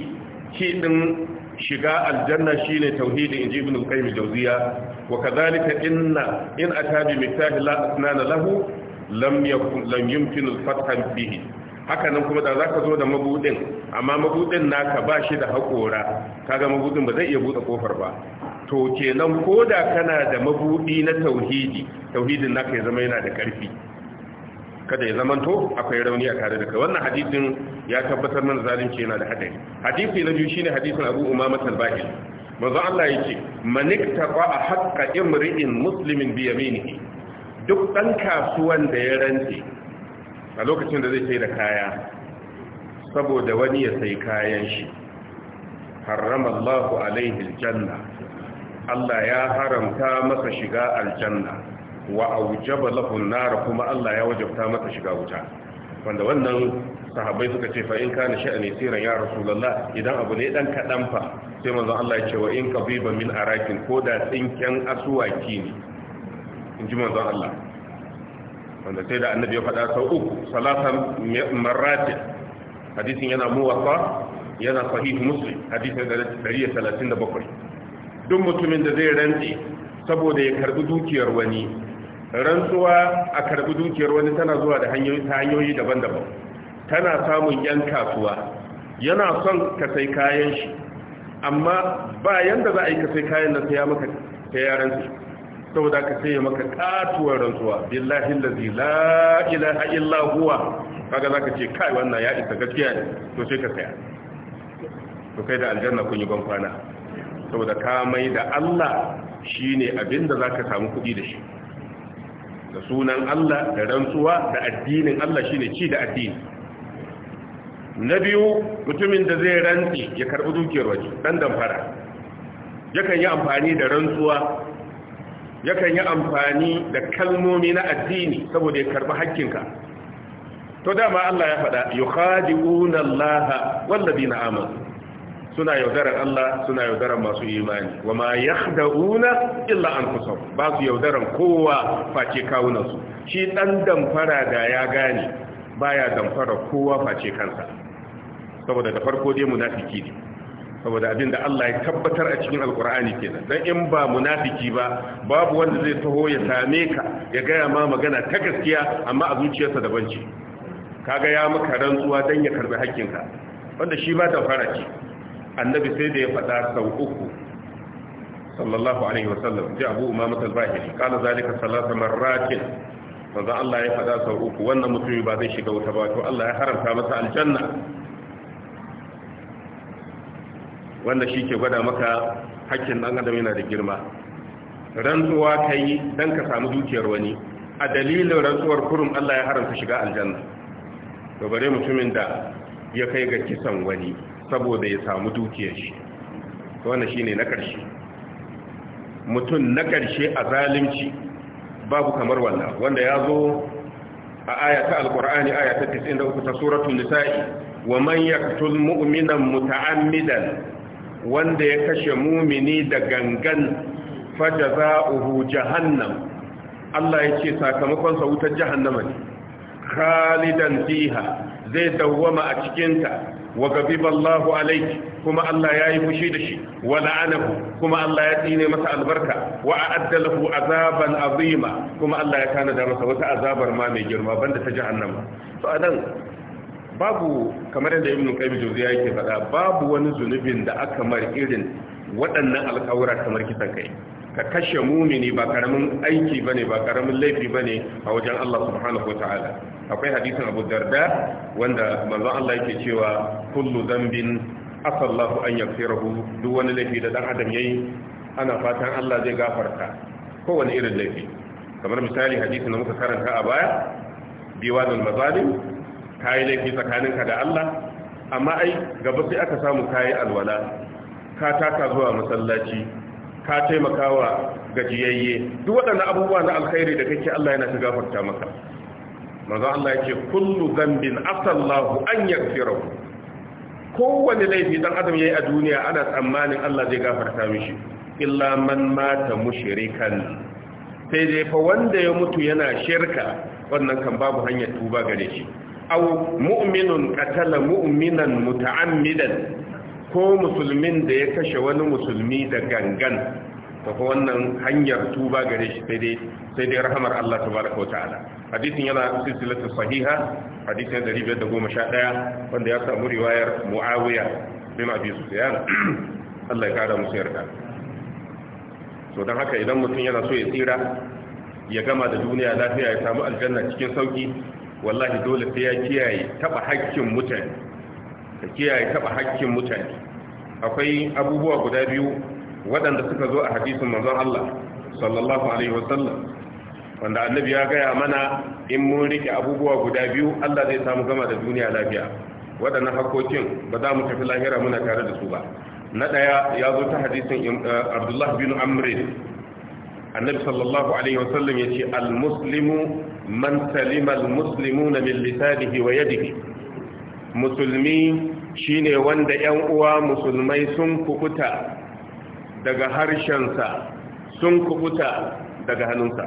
ki din shiga aljanna shine tauhidi inji ibn al-qayyim jawziya wa kadhalika inna in atabi miftahi la asnana lahu lam yakun lam yumkin al-fath bihi haka nan kuma da zaka zo da mabudin amma mabudin naka ba shi da hakora kaga mabudin ba zai iya bude kofar ba to kenan koda kana da mabudi na tauhidi tauhidin naka ya zama yana da karfi kada ya zamanto akwai rauni a tare da kai wannan hadisin ya tabbatar mana zalunci yana da hadari hadisi na biyu shine hadisin Abu Umama al-Bahili manzo Allah yake man iktaqa haqqa imri'in muslimin bi yaminihi duk dan kasuwan da ya rantsi a lokacin da zai sai da kaya saboda wani ya sai kayan shi harrama Allahu alaihi aljanna Allah ya haramta masa shiga aljanna wa aujaba lahu nar kuma Allah ya wajabta masa shiga wuta wanda wannan sahabbai suka ce fa in kana sha'ani siran ya rasulullah idan abu ne dan kadan fa sai manzon Allah ya ce wa in qabiba min arakin ko da tsinken asuwaki ne in ji manzon Allah wanda sai da annabi ya faɗa sau uku salatan marratin hadisin yana muwatta yana sahih muslim hadisin 137 duk mutumin da zai rantsi saboda ya karbi dukiyar wani rantsuwa a karbi dukiyar wani tana zuwa da hanyoyi daban-daban tana samun yan kasuwa yana son ka sai kayan shi amma ba yanda za a yi ka sai kayan na sai maka tayaran ya saboda ka sai maka katuwar rantsuwa billahi lazi la ilaha illa huwa kaga zaka ce kai wannan ya isa gaskiya ne to sai ka saya to kai da aljanna kun yi ban saboda ka mai da Allah shine abinda zaka samu kuɗi da shi da sunan Allah da rantsuwa da addinin Allah shine ci da addini na biyu mutumin da zai rantsi ya karbi dukiyar waje dan damfara yakan yi amfani da rantsuwa yakan yi amfani da kalmomi na addini saboda ya karbi hakkinka to dama Allah ya faɗa yukhadi'una Allah wal ladina amanu suna yaudarar Allah suna yaudarar masu imani wa ma yakhda'una illa anfusahum ba su yaudarar kowa face kawunansu shi dan damfara da ya gane baya damfara kowa face kansa saboda da farko dai munafiki ne saboda abinda Allah ya tabbatar a cikin alkur'ani kenan dan in ba munafiki ba babu wanda zai taho ya same ka ya gaya ma magana ta gaskiya amma a zuciyarsa daban ce kaga ya maka rantsuwa dan ya karbi hakkinka wanda shi ba damfara ce annabi sai da ya faɗa sau uku sallallahu alaihi wasallam ji abu umama talbahiri kala zalika salasa marrakin manzo Allah ya faɗa sau uku wannan mutumi ba zai shiga wuta ba to Allah ya haramta masa aljanna wanda shi ke gwada maka hakkin ɗan adam yana da girma rantsuwa ka yi don ka samu dukiyar wani a dalilin rantsuwar kurum Allah ya haramta shiga aljanna to bare mutumin da ya kai ga kisan wani saboda ya samu dukiyar shi wannan shine na ƙarshe mutum na ƙarshe a zalunci babu kamar wannan wanda ya zo a ayata alkur'ani ayata 93 ta suratul nisa'i wa man yaqtul mu'mina muta'ammidan wanda ya kashe mumini da gangan fajaza'uhu jahannam Allah yake sakamakon sa wutar jahannama ne khalidan fiha zai dawwama a cikin ta wa gabiba Allahu alayhi kuma Allah ya yi fushi da shi wa la'anahu kuma Allah ya tsine masa albarka wa a'adda lahu azaban azima kuma Allah ya tanada masa wata azabar ma mai girma banda ta jahannama to anan babu kamar yadda ibnu qayyim jawziya yake faɗa babu wani zunubin da aka mar irin waɗannan alƙawura kamar kisan kai ka kashe mumini ba karamin aiki bane ba karamin laifi bane a wajen Allah subhanahu wataala akwai hadisin abu darda wanda manzo Allah yake cewa kullu bin asallahu an yaghfirahu duk wani laifi da dan adam yayi ana fatan Allah zai gafarta kowane irin laifi kamar misali hadisin da muka karanta a baya biwanul mazalim kai laifi tsakaninka da Allah amma ai gaba sai aka samu kai alwala ka taka zuwa masallaci ka taimakawa gajiyayye duk waɗannan abubuwa na alkhairi da kake Allah yana ta gafarta maka manzo Allah yake kullu zambin asallahu an yaghfirahu kowane laifi dan adam yayi a duniya ana tsammanin Allah zai gafarta mishi illa man mata mushrikan sai dai fa wanda ya mutu yana shirka wannan kan babu hanyar tuba gare shi aw mu'minun qatala mu'minan muta'ammidan ko musulmin da ya kashe wani musulmi da gangan ko wannan hanyar tuba gare shi sai dai sai dai rahamar Allah tabaraka wa ta'ala hadisin yana silsilatu sahiha hadisin 511 wanda ya samu riwayar Muawiya bin Abi Sufyan Allah ya kara musu yarda so dan haka idan mutum yana so ya tsira ya gama da duniya lafiya ya samu aljanna cikin sauki wallahi dole sai ya kiyaye taba hakkin mutane ka kiyaye taba hakkin mutane akwai abubuwa guda biyu waɗanda suka zo a hadisin manzon Allah sallallahu alaihi wasallam wanda annabi ya gaya mana in mun rike abubuwa guda biyu Allah zai samu gama da duniya lafiya waɗannan hakokin ba za mu tafi lahira muna tare da su ba na ɗaya ya zo ta hadisin eh, Abdullah bin Amr annabi sallallahu alaihi wasallam ya ce al-muslimu man salima al-muslimuna min lisanihi wa yadihi musulmi shine wanda ƴan uwa musulmai sun kukuta daga harshensa sun kubuta daga hannunsa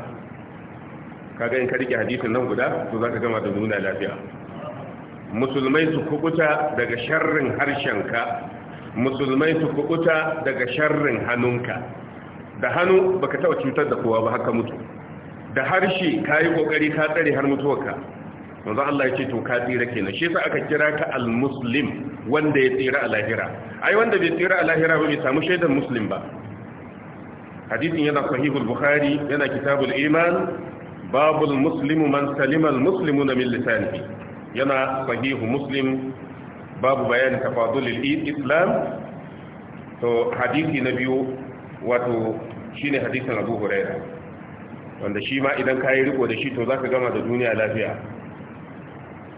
kaga in ka rike hadisin nan guda to ka gama da nuna lafiya musulmai su kubuta daga sharrin harshenka musulmai su kubuta daga sharrin hannunka da hannu baka taba cutar da kowa ba haka mutu da harshe kayi kokari ka tsare har mutuwarka Wanzu Allah ya ce to ka tsira kenan shi yasa aka kira ka al-muslim wanda ya tsira a lahira ai wanda bai tsira a lahira ba bai samu shaidan muslim ba hadisin yana sahihul bukhari yana kitabul iman babul muslimu man salima al-muslimuna min lisanihi yana sahihu muslim babu bayan tafadulil islam to hadisi na biyu wato shine hadisin abu huraira wanda shi ma idan kayi riko da shi to zaka gama da duniya lafiya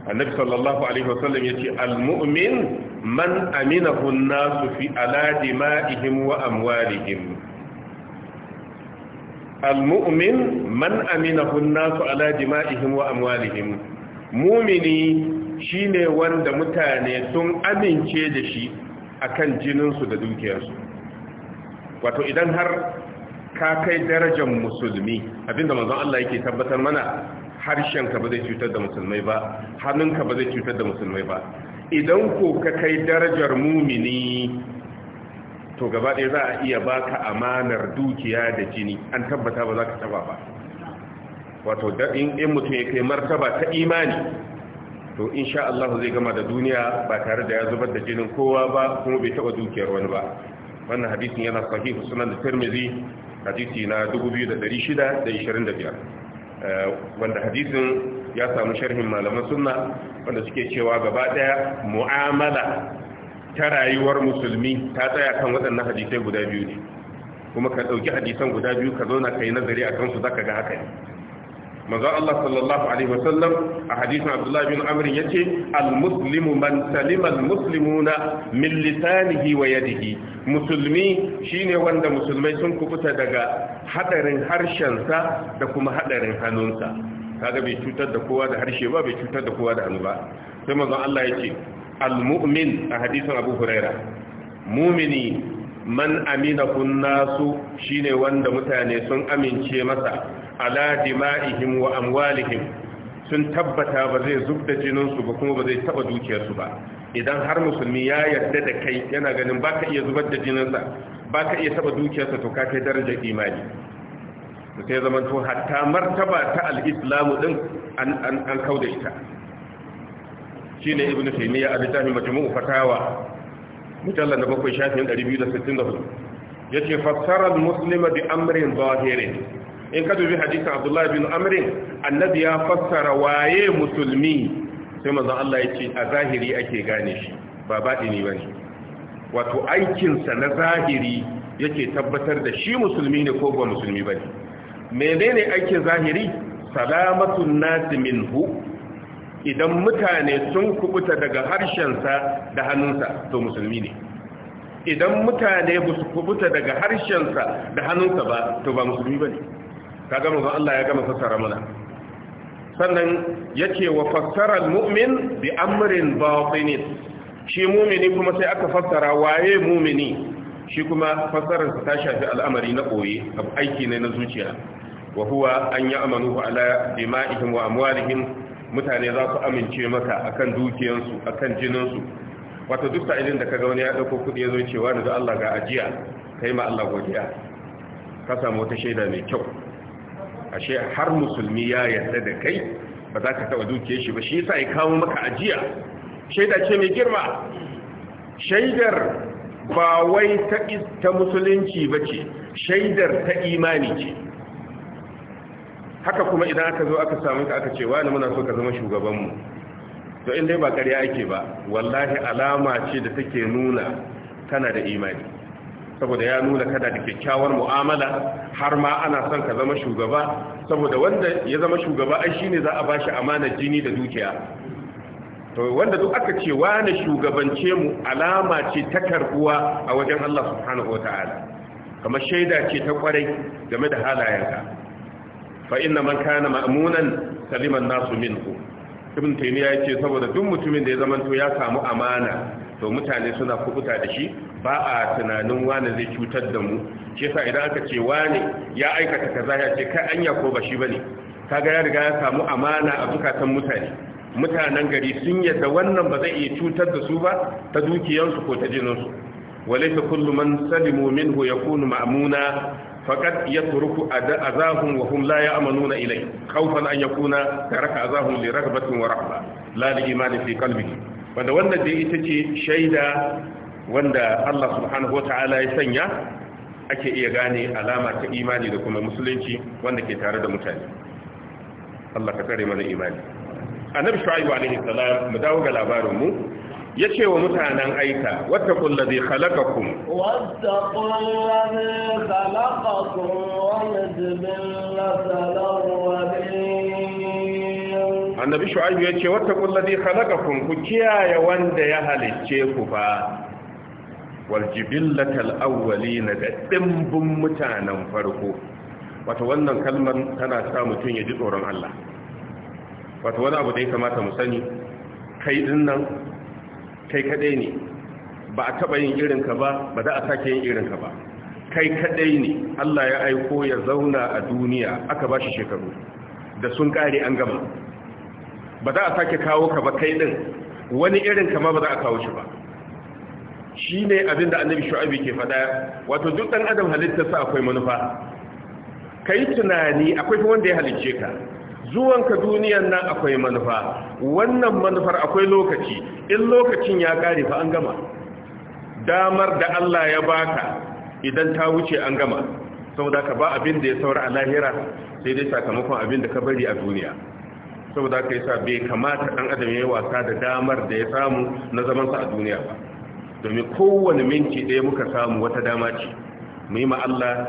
annabi sallallahu alaihi wasallam yace almu'min man aminahu an-nasu fi ala dima'ihim wa amwalihim almu'min man aminahu an-nasu mumini shine wanda mutane sun amince da shi akan jininsu da dukiyarsu wato idan har ka kai darajar musulmi abinda manzon Allah yake tabbatar mana harshenka ba zai cutar da musulmai ba hannunka ba zai cutar da musulmai ba idan ko ka kai darajar mumini to gaba ɗaya za a iya baka amanar dukiya da jini an tabbata ba za ka taba ba wato daɗin in mutum ya kai martaba ta imani to in sha Allah zai gama da duniya ba tare da ya zubar da jinin kowa ba kuma bai taba dukiyar wani ba wannan hadisin yana sahihu sunan da tirmidhi hadisi na 2625 Eh, wanda hadisin ya samu sharhin malaman sunna wanda suke cewa gaba daya mu'amala ta rayuwar musulmi ta tsaya kan waɗannan hadisai guda biyu ne kuma ka ɗauki hadisan guda biyu ka zauna ka yi nazari a kansu ka ga haka ne manzon Allah sallallahu alaihi wasallam a hadisin Abdullah bin Amr yace al-muslimu man salima al-muslimuna min lisanihi wa yadihi musulmi shine wanda musulmai sun kubuta daga hadarin harshensa da kuma hadarin hannunsa kaga bai cutar da kowa da harshe ba bai cutar da kowa da hannu ba sai manzon Allah yace al-mu'min a hadisin Abu Huraira mumini man amina kunnasu shine wanda mutane sun amince masa ala dima'ihim wa amwalihim sun tabbata ba zai zubda jininsu ba kuma ba zai taba dukiyarsu ba idan har musulmi ya yarda da kai yana ganin baka iya zubar da jininsa baka iya taba dukiyarsa to ka kai darajar imani sai zaman to hatta martaba ta al-islamu din an an an kauda ita shine ibnu taymiya al Jami majmu'u fatawa mujallal na 7 shafin 264 yace fassara al-muslima bi amrin zahirin in ka dubi hadisin abdullahi bin amrin annabi ya fassara waye musulmi sai manzon Allah ya a zahiri ake gane shi ba badi ba ne wato aikinsa na zahiri yake tabbatar da shi musulmi ne ko ba musulmi ba menene aikin zahiri salamatun nas minhu idan mutane sun kubuta daga harshen sa da hannunsa to musulmi ne idan mutane ba su kubuta daga harshen sa da hannunsa ba to ba musulmi ba Ka gama manzon Allah ya gama fassara mana sannan yace wa fassara almu'min bi amrin batinin shi mumini kuma sai aka fassara waye mumini shi kuma fassarar ta shafi al'amari na koyi aiki ne na zuciya wa huwa an ya'manuhu ala dima'ihim wa amwalihim mutane za su amince maka akan dukiyansu akan jininsu wato duk sa'ilin da kaga wani ya dauko kudi yazo cewa da Allah ga ajiya kai ma Allah godiya ka samu wata shaida mai kyau ashe har musulmi ya yarda da kai ba za ka taɓa duke shi ba shi yasa ya kawo maka ajiya shaida ce mai girma shaidar ba wai ta musulunci ba ce. shaidar ta imani ce haka kuma idan aka zo aka samu ka aka ce ni muna so ka zama shugaban mu to in dai ba ƙarya ake ba wallahi alama ce da take nuna kana da imani saboda ya nuna kada da kyakkyawar mu'amala har ma ana son ka zama shugaba saboda wanda ya zama shugaba ai shine za a ba shi amanar jini da dukiya to wanda duk aka ce wani shugabance mu alama ce ta karbuwa a wajen Allah subhanahu wataala kamar shaida ce ta kwarai game da halayenka fa inna man kana ma'munan saliman nasu minhu ibn taymiya yace saboda duk mutumin da ya zamanto ya samu amana to mutane suna kubuta da shi ba a tunanin wani zai cutar da mu shi sa idan aka ce wani ya aikata kaza ya ce kai anya ko ba shi bane kaga ya riga ya samu amana a zukatan mutane mutanen gari sun yadda wannan ba zai iya cutar da su ba ta dukiyansu ko ta jininsu walaysa kullu man salimu minhu yakunu ma'muna faqad yatruku azahum wa hum la ya'manuna ilayhi khawfan an yakuna taraka azahum li ragbatin wa rahba la li imanin fi qalbihi wanda wannan dai ita ce shaida wanda Allah subhanahu wa ta'ala ya sanya ake iya gane alama ta imani da kuma musulunci wanda ke tare da mutane Allah ka kare mana imani annabi shu'aibu alaihi salam mu dawo ga labarin mu ya ce wa mutanen aika wata kulla zai wattaqul kun wata kulla zai halaka kun wani jibin annabi shu'aibu yace wattaqul wata kulla zai kun ku kiyaye wanda ya halicce ku fa waljibillatal awwalina da dimbin mutanen farko wato wannan kalmar tana sa mutum ya ji tsoron Allah wato wani abu da ya kamata mu sani kai din nan kai kadai ne ba a taba yin irin ka ba ba za a sake yin irin ka ba kai kadai ne Allah ya aiko ya zauna a duniya aka ba shi shekaru da sun kare an gama ba za a sake kawo ka ba kai din wani irin ka ma ba za a kawo shi ba Shi ne abin da annabi shu'abi ke faɗa wato duk ɗan adam halittarsa akwai manufa kai tunani akwai wanda ya halicce ka zuwanka duniyan nan akwai manufa wannan manufar akwai lokaci in lokacin ya kare fa an gama damar da Allah ya baka idan ta wuce an gama saboda ka ba abin da ya saura a lahira sai dai sakamakon abin da ka bari a duniya saboda ka yi sa bai kamata ɗan adam ya yi wasa da damar da ya samu na zamansa a duniya ba domin kowane minti ɗaya muka samu wata dama ce mu yi ma Allah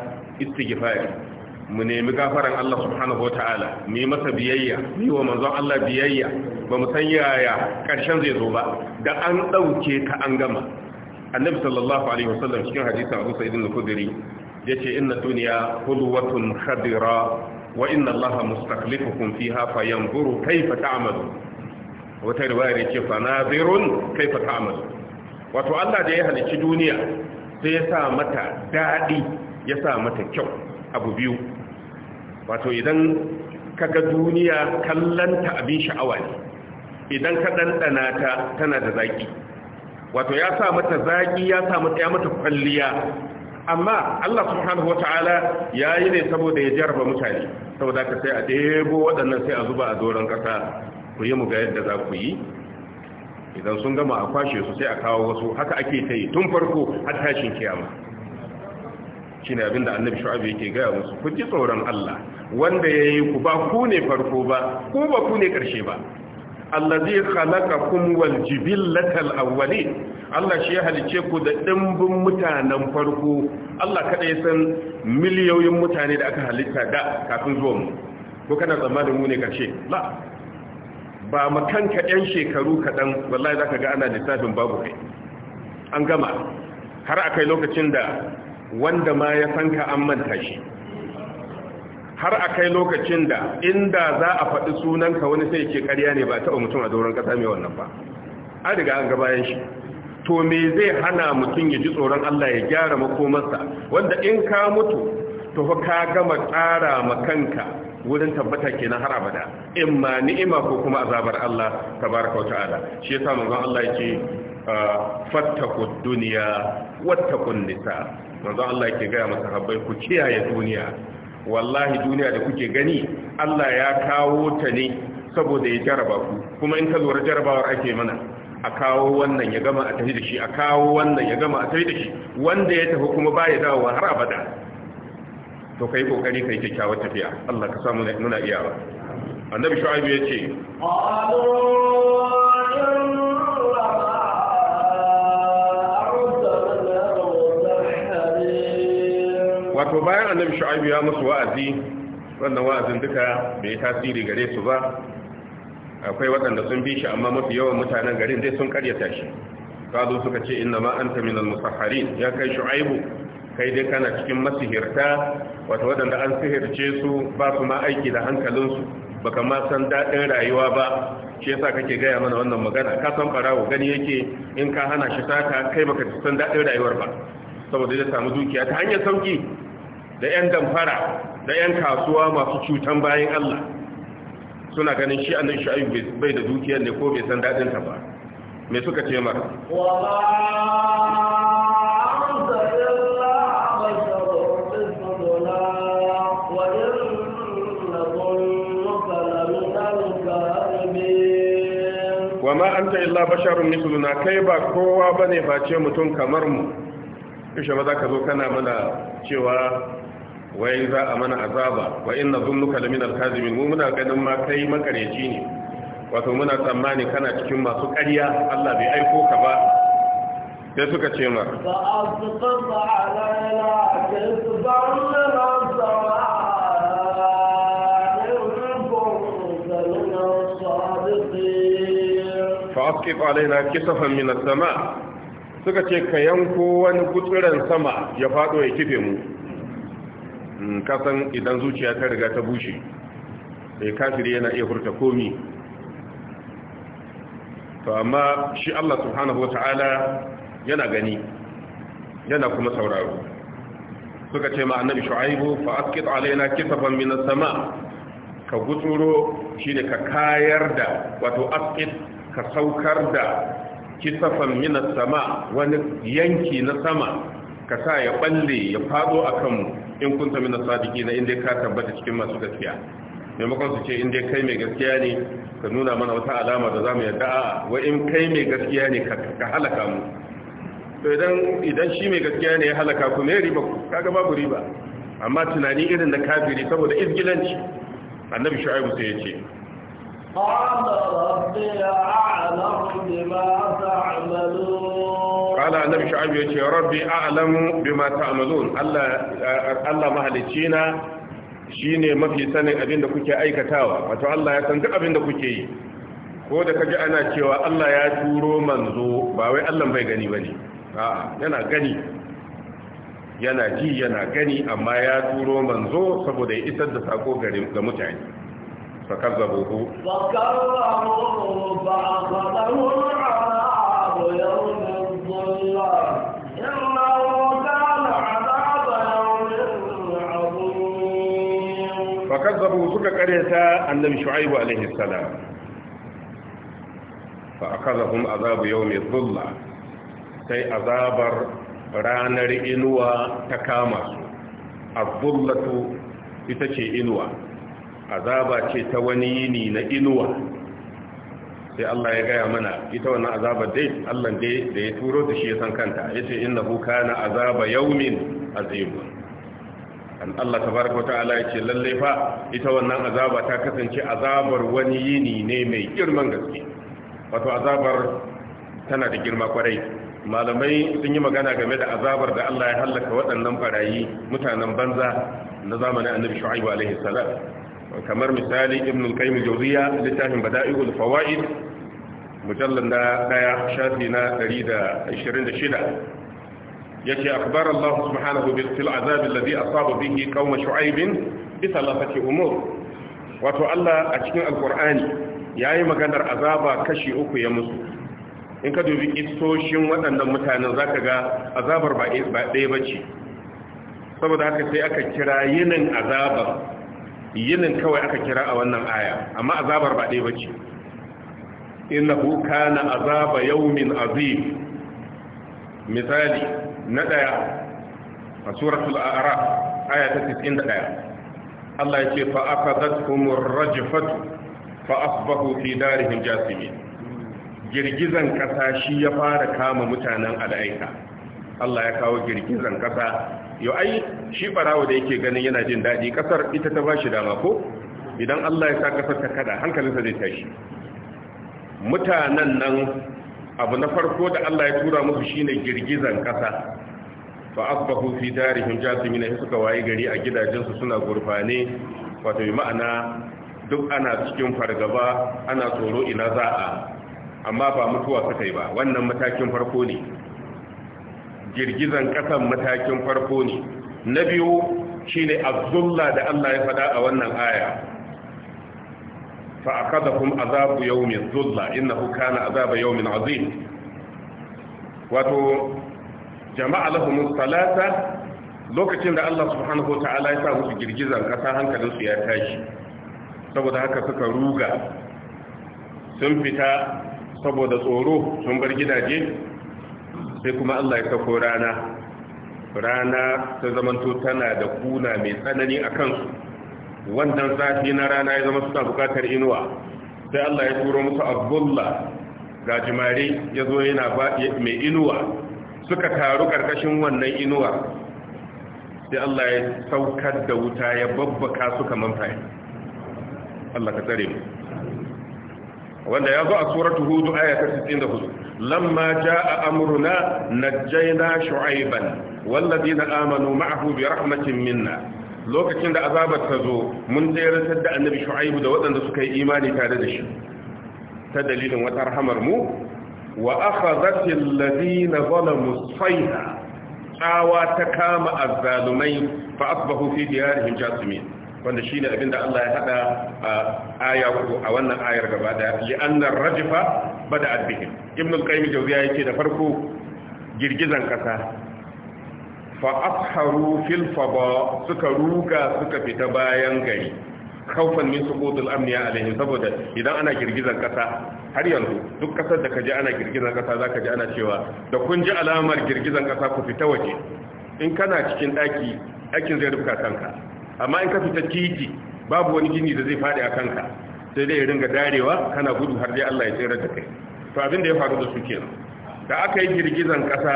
mu nemi gafaran Allah subhanahu wataala mu yi masa biyayya mu yi wa manzon Allah biyayya ba mu san yaya karshen zai zo ba da an ɗauke ta an gama annabi sallallahu alaihi wasallam cikin hadisi Abu Sa'id al-Khudri yace inna dunya hulwatun khadira wa inna Allah mustakhlifukum fiha fayanzuru kayfa ta'malu wata riwaya yace fa nazirun kayfa ta'malu wato Allah da ya halicci duniya sai ya sa mata daɗi ya sa mata kyau abu biyu wato idan ga duniya kallanta abin sha'awa ne idan ka ɗanɗana ta tana da zaƙi wato ya sa mata zaƙi ya sa mata ya mata kwalliya amma Allah subhanahu wata'ala ya yi ne saboda ya jarba mutane saboda ka sai a debo waɗannan sai a zuba a doron ƙasa ku yi mu ga yadda za ku yi idan sun gama a kwashe su sai a kawo wasu haka ake ta yi tun farko har tashin kiyama shi ne abinda annabi shu'abu yake gaya musu ku ji tsoron Allah wanda ya yi ku ba ku ne farko ba ku ba ku ne ƙarshe ba Allah zai allazi kun wal jibillatal awwalin Allah shi ya halice ku da dimbin mutanen farko Allah kada ya san miliyoyin mutane da aka halitta da kafin zuwan mu ko kana tsammanin mu ne karshe la ba makanka yan shekaru kaɗan wallahi za ka ga ana lissafin babu kai an gama har a kai lokacin da wanda ma ya sanka an manta shi har a kai lokacin da inda za a faɗi sunanka wani sai ke ƙarya ne ba taɓa mutum a doron ƙasa mai wannan ba an daga an ga bayan shi to me zai hana mutum ya ji tsoron Allah ya gyara makomarsa wanda in ka mutu to ka gama tsara ma kanka wurin tabbata kenan har abada imma ni'ima ko kuma azabar Allah tabaraka wa ta'ala shi yasa manzon Allah yake ah, fattaku dunya wattaqun nisa manzon Allah yake ga masahabbai ku kiyaye duniya wallahi duniya da kuke gani Allah ya kawo ta ne saboda ya jaraba ku kuma in ka lura jarabawar ake mana a kawo wannan ya gama a tafi da shi a kawo wannan ya gama a tafi da shi wanda ya tafi kuma baya dawowa har abada to kai kokari kai kyakkyawar tafiya Allah ka samu muna ba. annabi Shu'aibu ya ce wato bayan annabi Shu'aibu ya musu wa'azi wannan wa'azin duka bai tasiri gare su ba akwai waɗanda sun bi shi amma mafi yawan mutanen garin dai sun karyata shi kazo suka ce inna ma anta minal musahharin ya kai shu'aibu kai dai kana cikin masihirta wato wadanda an sihirce su ba su ma aiki da hankalinsu ba kama san daɗin rayuwa ba shi yasa kake gaya mana wannan magana ka san farawo gani yake in ka hana shi saka kai baka san daɗin rayuwar ba saboda ya samu dukiya ta hanyar sauki da 'yan damfara da 'yan kasuwa masu cutan bayan Allah suna ganin shi annan sha'ayu bai da dukiyar ne ko bai san ta ba me suka ce mara illa basharun misluna kai ba kowa bane face mutum kamar mu kishe ba za ka zo kana mana cewa wai za a mana azaba wa inna zunnuka lamin alkazimin mu muna ganin ma kai makareci ne wato muna tsammani kana cikin masu ƙarya Allah bai aiko ka ba sai suka ce mar asqif alaina kisafan min as-sama suka ce ka yanko wani gutsuran sama ya fado ya kife mu kasan idan zuciya ta riga ta bushe sai kafiri yana iya furta komi to amma shi Allah subhanahu wataala yana gani yana kuma sauraro suka ce ma annabi shu'aibu fa asqit alaina kisafan min as-sama ka gutsuro shine ka kayar da wato asqit ka saukar da kisafan minas sama wani yanki na sama ka sa ya balle ya fado a kanmu in kunta minas sadiki na inda ka tabbata cikin masu gaskiya maimakon su ce inda kai mai gaskiya ne ka nuna mana wata alama da za mu yadda a wa in kai mai gaskiya ne ka halaka mu to idan idan shi mai gaskiya ne ya halaka ku ne riba ku kaga babu riba amma tunani irin da kafiri saboda izgilanci annabi shu'aibu sai ya ce قال ربي أعلم بما تعملون قال النبي شعيب يقول ربي أعلم بما تعملون الله الله مهلكينا shine mafi sanin abin da kuke aikatawa wato Allah ya san duk abin da kuke yi ko da kaji ana cewa Allah ya turo manzo ba wai Allah bai gani bane a'a yana gani yana ji yana gani amma ya turo manzo saboda ya isar da sako ga mutane فكذبوه فكذبوه فأخذهم العذاب يوم الظلة إنه كان عذاب يوم عظيم فكذبوا سكة قرية النبي شعيب عليه السلام فأخذهم عذاب يوم الظلة سي عذاب ranar inuwa ta kama su azullatu ita ce inuwa azaba ce ta wani yini na inuwa sai Allah ya gaya mana ita wannan azaba dai Allah dai da ya turo ta shi ya san kanta ya yace innahu kana azaba yawmin azim an Allah tabaraka ta'ala ya ce lalle fa ita wannan azaba ta kasance azabar wani yini ne mai girman gaske wato azabar tana da girma kwarai malamai sun yi magana game da azabar da Allah ya hallaka waɗannan barayi mutanen banza na zamanin annabi shu'aibu alaihi salam kamar misali ibn al-qayyim al-jawziya littafin bada'iul fawaid mujallal na daya shafi na 126 yace akhbara Allah subhanahu bil fil azab alladhi asaba bihi qaum shu'aib bi thalathati umur wato Allah a cikin alqur'ani yayi maganar azaba kashi uku ya musu in ka dubi kistoshin waɗannan mutanen zaka ga azabar ba ɗaya bace saboda haka sai aka kira yinin azabar yinin kawai aka kira a wannan aya amma azabar ba ɗaya bace innahu kana azaba yawmin azim misali na daya a suratul a'raf aya ta 91 Allah yake fa akhadatkumur rajfatu fa asbahu fi darihim jasimin girgizan kasa shi ya fara kama mutanen al'aika Allah ya kawo girgizan kasa yau ai shi barawo da yake ganin yana jin daɗi ƙasar ita ta bashi dama ko idan Allah ya sa ƙasar ta kada hankalinsa zai tashi mutanen nan abu na farko da Allah ya tura musu shine girgizan ƙasa fa asbahu fi darihim jazimina suka wayi gari a gidajensu suna gurfane wato bi ma'ana duk ana cikin fargaba ana tsoro ina za'a amma ba mutuwa suka yi ba wannan matakin farko ne girgizan kasan matakin farko ne na biyu shi ne Abdullah da Allah ya faɗa a wannan aya fa kun azabu yau yawmin zulla innahu kana azaba mai azim wato jama'a lahum salata lokacin da Allah subhanahu ta'ala ya sa musu girgizan kasa hankalin su ya tashi saboda haka suka ruga sun fita saboda tsoro sun bar gidaje sai kuma Allah ya kafo rana rana ta zamanto tana da kuna mai tsanani a kansu wannan zafi na rana ya zama suna bukatar inuwa sai Allah ya turo musu abdullah ga jimare ya zo yana ba mai inuwa suka taru karkashin wannan inuwa sai Allah ya saukar da wuta ya babbaka su kamar fayi Allah ka tsare mu wanda ya zo a suratu hudu aya ta 64 lamma jaa amruna najjayna shu'ayban walladina amanu ma'ahu bi rahmatin minna lokacin da azabar ta zo mun tsayar da annabi Shu'aibu da waɗanda suka yi imani tare da shi ta dalilin wata rahamar mu wa akhadhatil ladina zalamu sayha tsawa ta kama azzalumai fa asbahu fi diyarihim jasimin wanda shine abinda Allah ya hada a aya a wannan ayar gaba da li anna rajfa bada bihim ibn al-qayyim jawziya yake da farko girgizan kasa fa asharu fil fada suka ruga suka fita bayan gari khawfan min suqutul amni alaihim saboda idan ana girgizan kasa har yanzu duk kasar da kaje ana girgizan kasa zaka ji ana cewa da kun ji alamar girgizan kasa ku fita waje in kana cikin daki ɗakin zai rubuta kanka amma in ka fita titi babu wani gini da zai fadi a kanka sai dai ringa darewa kana gudu har dai Allah ya tsira da kai to abin da ya faru da su kenan da aka yi girgizan kasa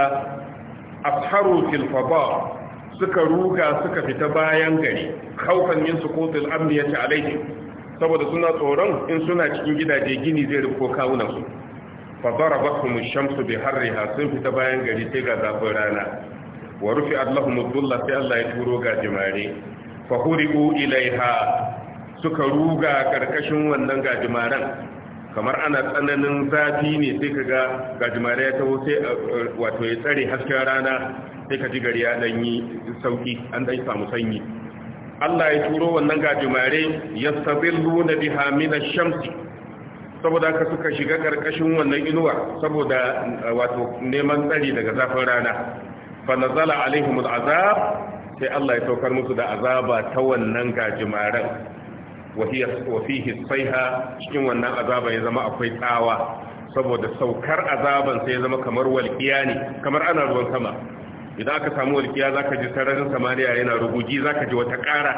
asharu fil fada suka ruga suka fita bayan gari kaufan yin kotul amni yace alaihi saboda suna tsoron in suna cikin gidaje gini zai rubo kawunan su fa darabatum ash-shamsu bi harriha sun fita bayan gari sai ga zafin rana wa rufi allahu ad-dulla sai Allah ya turo ga jimare fahuriku ilaiha suka ruga karkashin wannan gajimaren? kamar ana tsananin zafi ne sai ka ga gajimare ya taho sai eh, eh, wato ya tsare hasken rana sai ka ji gari ya yi sauki an dan samu sanyi Allah ya turo wannan gajimare ya sabillu na biha shamsi saboda ka suka shiga karkashin wannan inuwa saboda eh, wato neman tsari daga zafin rana fa nazala alaihimul azab sai Allah ya saukar musu da azaba ta wannan gajimaren wafihi saiha cikin wannan azaba ya zama akwai tsawa saboda saukar azaban sai ya zama kamar walƙiya ne kamar ana ruwan sama idan aka samu walƙiya za ka ji sararin samaniya yana rubuji za ka ji wata ƙara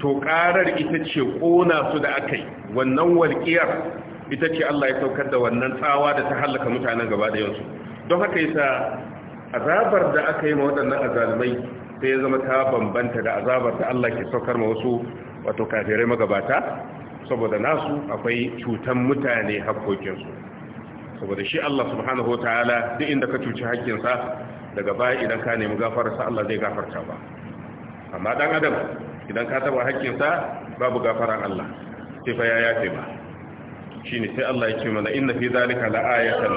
to ƙarar ita ce ƙona su da aka yi wannan walƙiyar ita ce Allah ya saukar da wannan tsawa da ta hallaka mutanen gaba da yansu don haka yasa azabar da aka yi ma waɗannan azalmai sai ya zama ta bambanta da azabar ta Allah ke saukar ma wasu wato kafirai magabata saboda nasu akwai cutan mutane hakokinsu saboda shi Allah subhanahu wa ta'ala duk inda ka cuci hakkinsa daga baya idan ka nemi gafararsa Allah zai gafarta ba amma dan adam idan ka taba hakkinsa babu gafaran Allah sai fa ya yafe ba shine sai Allah yake mana inna fi zalika la ayatan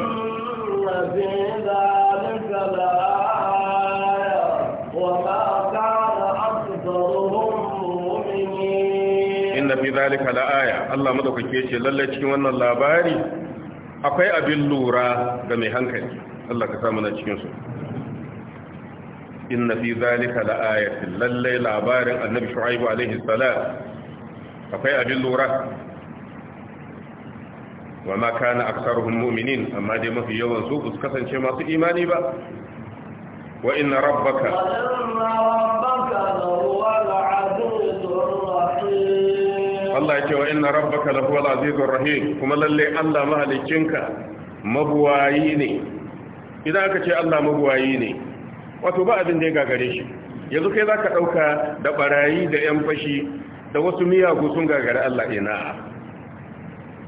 وما كان أكثرهم مؤمنين إن في ذلك لآية الله مدوك كيشي للتي وانا اللاباري akwai abin lura ga mai hankali Allah ka samu na cikinsu inna fi zalika la'ayatin lallai labarin annabi shu'aibu alaihi salam akwai abin lura wa ma kana aktsaruhum mu'minin amma dai mafi yawan su su kasance masu imani ba wa inna rabbaka Allah ya ce wa inna rabbaka lahu kuma lalle Allah mahalicinka mabuwayi ne idan aka ce Allah mabuwayi ne wato ba abin ya gagare shi yanzu kai zaka ɗauka da barayi da yan fashi da wasu miyagu sun gagari Allah ina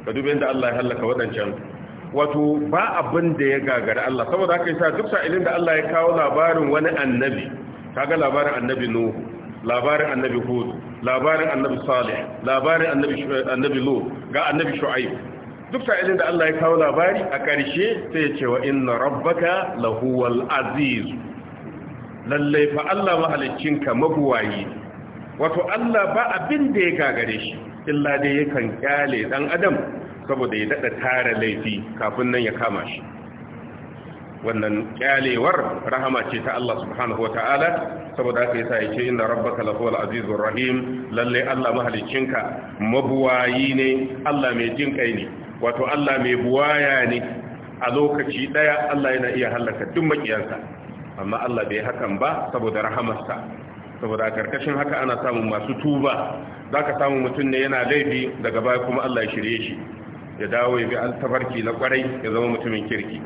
ka dubi inda Allah ya halaka wadancan wato ba abin da ya gagara Allah saboda haka yasa duk sa'ilin da Allah ya kawo labarin wani annabi kaga labarin annabi Nuhu labarin annabi Hud labarin annabi Salih labarin annabi annabi Lut ga annabi Shu'aib duk sa'ilin da Allah ya kawo labari a ƙarshe sai ya ce wa inna rabbaka lahuwal aziz lallai fa Allah mahaliccinka mabuwayi wato Allah ba abin da ya gagare shi illa dai yakan kyale dan adam saboda ya daɗa tara laifi kafin nan ya kama shi wannan kyalewar rahama ce ta Allah subhanahu ta'ala saboda aka yasa ce inna rabbaka lahuwal azizur rahim lalle Allah mahalicinka mabuwayi ne Allah mai jin kai ne wato Allah mai buwaya ne a lokaci ɗaya Allah yana iya halaka duk makiyarsa amma Allah bai hakan ba saboda rahamarsa saboda karkashin haka ana samun masu tuba zaka samu mutum ne yana laifi daga baya kuma Allah ya shirye shi ya dawo ya bi altafarki na kwarai ya zama mutumin kirki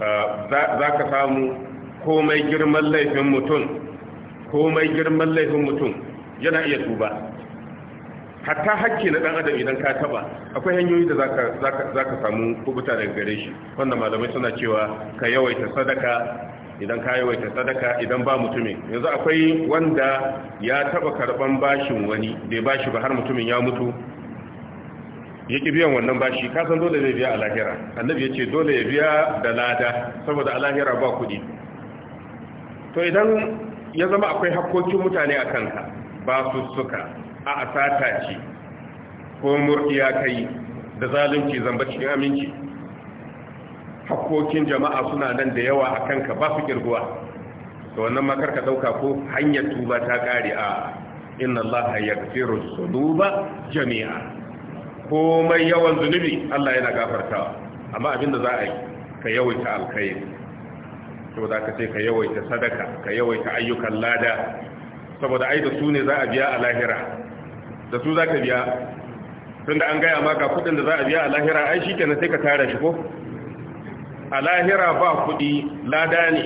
ah, za ka samu komai girman laifin mutum komai girman laifin mutum yana iya tuba hatta hakki na dan adam idan ka taba akwai hanyoyi da zaka zaka samu kubuta daga gare shi wanda malamai suna cewa ka yawaita sadaka idan ka yawaita sadaka idan ba mutumin yanzu akwai wanda ya taba karban bashin wani bai bashi ba har mutumin ya mutu ya ki biyan wannan bashi ka san dole zai biya Alahira. annabi ya ce dole ya biya da lada saboda a lahira ba kuɗi to idan ya zama akwai hakkokin mutane a kanka ba su suka a asata ce ko murdiya kai da zalunci zamba cikin aminci hakkokin jama'a suna nan da yawa a kanka ba su kirguwa Da wannan makar ka dauka ko hanyar tuba ta kare a inna allaha yaghfiru dhunuba jami'a komai yawan zunubi Allah yana gafarta amma abin da za a yi ka yawaita alkhairi saboda ka ce ka yawaita sadaka ka yawaita ayyukan lada saboda ai da su ne za a biya a lahira da su za ka biya tunda an gaya maka kudin da za a biya a lahira ai shi kenan sai ka tara shi ko a lahira ba kudi lada ne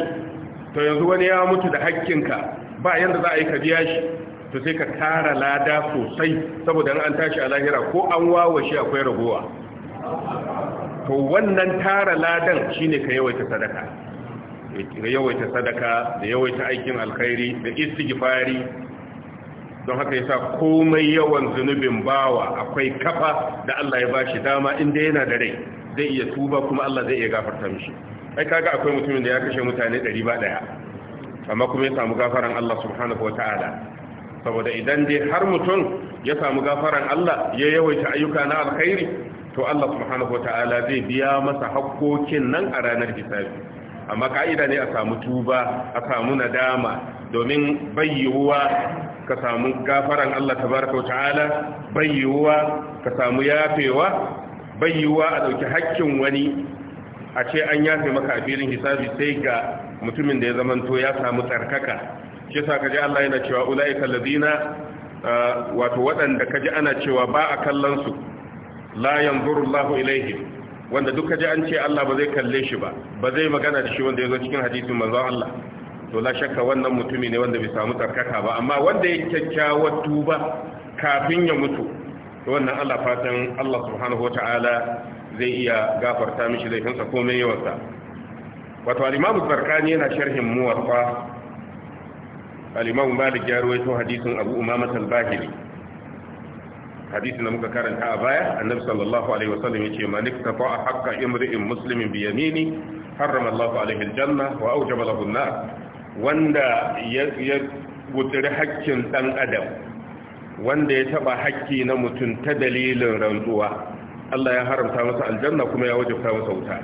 to yanzu wani ya mutu da hakkinka ba yanda za a yi ka biya shi to sai ka tara lada sosai saboda an tashi a lahira ko an wawashe akwai ragowa to wannan tara ladan shine ka yawaita sadaka ka yawaita sadaka da yawaita aikin alkhairi da istighfari don haka yasa komai yawan zunubin bawa akwai kafa da Allah ya bashi dama inda yana da rai zai iya tuba kuma Allah zai iya gafarta mishi ai kaga akwai mutumin da ya kashe mutane 100 ba daya amma kuma ya samu gafaran Allah subhanahu wataala saboda idan dai har mutum ya samu gafaran Allah ya yawaita ayyuka na alkhairi to Allah subhanahu wataala zai biya masa hakkokin nan a ranar hisabi amma ka'ida ne a samu tuba a samu nadama domin bayyuwa ka samu gafaran Allah tabaraka wataala bayyuwa ka samu yafewa bayyuwa a dauki hakkin wani a ce an yafe maka a filin hisabi sai ga mutumin da ya zamanto ya samu tsarkaka shi sa kaji Allah yana cewa ulaika ladina uh, wato waɗanda kaji ana cewa ba a kallon su la yanzuru Allahu ilaihim wanda ji an ce Allah ba zai kalle shi ba ba zai magana da shi wanda yazo cikin hadisin manzon Allah to la shakka wannan mutumi ne wanda bai samu sarkaka ba amma wanda ya kyakkyawar tuba kafin ya mutu to wannan Allah fatan Allah subhanahu wataala zai iya gafarta mishi laifinsa komai yawansa wato al-Imam yana sharhin Muwatta al-imam malik ya rawaito hadisin abu umama al-bahili hadisin da muka karanta a baya annabi sallallahu alaihi wasallam yace man a haqqa imri'in muslimin bi yamini harrama Allahu alaihi al-janna wa awjaba lahu an-nar wanda ya guturi haƙƙin dan adam wanda ya taba haƙƙi na mutum ta dalilin rantsuwa Allah ya haramta masa aljanna kuma ya wajabta masa wuta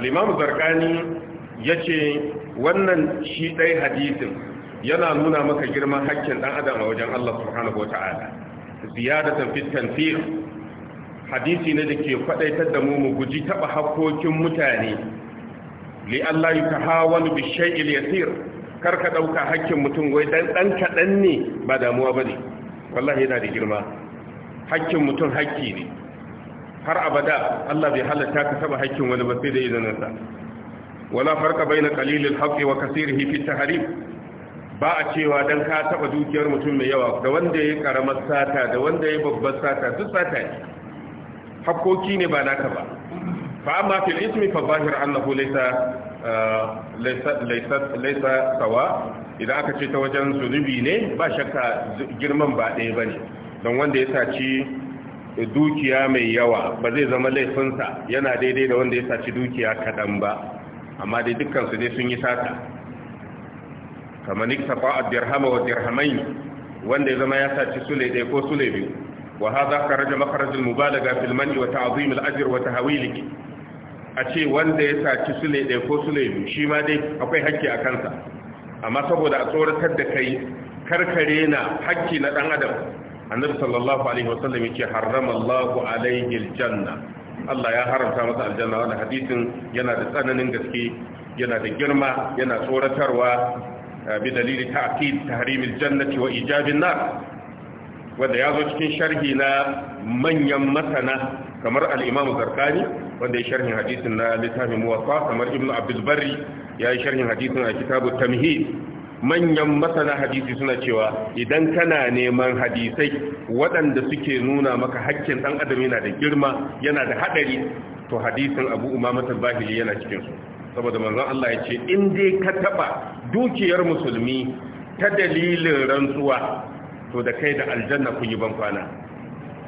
al-imam zarqani Ya ce wannan shi dai hadisin yana nuna maka girman hakin ɗan adam a wajen Allah subhanahu wataala ziyadatan fit tanfir hadisi ne dake kwadaitar da mu mu guji taba hakkokin mutane li Allah yatahawalu bi shay'il yasir karka ɗauka hakkin mutum wai ɗan dan ne ba damuwa ne, wallahi yana da girma hakkin mutum hakki ne har abada Allah bai halatta ka taba hakkin wani ba sai da izininsa wala farka na qalilil haqqi wa kaseerihi fi tahrim ba a cewa dan ka taba dukiyar mutum mai yawa da wanda yi karamar sata da wanda yi babbar sata duk sata ne hakkoki ne ba naka ba fa amma fil ismi fa zahir annahu uh, laysa laysa sawa idan aka ce ta wajen zunubi ne ba shakka girman ba ɗaya ba ne don wanda ya saci dukiya mai yawa ba zai zama laifinsa yana daidai da wanda ya saci dukiya kaɗan ba amma dai dukkansu dai sun yi sata kamar iktafa a dirhama wa dirhamai wanda ya zama ya saci sule ɗaya ko sule biyu wa haza kharaja makharajul mubalaga fil man'i wa ta'zim al wa tahawilihi a ce wanda ya saci sule ɗaya ko sule biyu shi ma dai akwai hakki a kansa amma saboda a tsoratar da kai karkare na hakki na ɗan adam annabi sallallahu alaihi wasallam yake harrama alaihi aljanna Allah ya haramta masa aljanna wannan hadisin yana da tsananin gaske yana da girma yana tsoratarwa eh, bi dalili ta'kid tahrimil jannati wa ijabin nar wanda ya zo cikin sharhi na manyan masana kamar al-Imam Zarkani wanda ya sharhin hadisin na littafin Muwatta kamar Ibn Abdul Barri ya yi sharhin hadisin a kitabu Tamhid manyan masana hadisi suna cewa idan kana neman hadisai waɗanda suke nuna maka hakkin ɗan adam yana da girma yana da haɗari to hadisin abu umamata bahili yana cikinsu saboda manzon Allah ya ce in dai ka taɓa dukiyar musulmi ta dalilin rantsuwa to da kai da aljanna kun yi ban kwana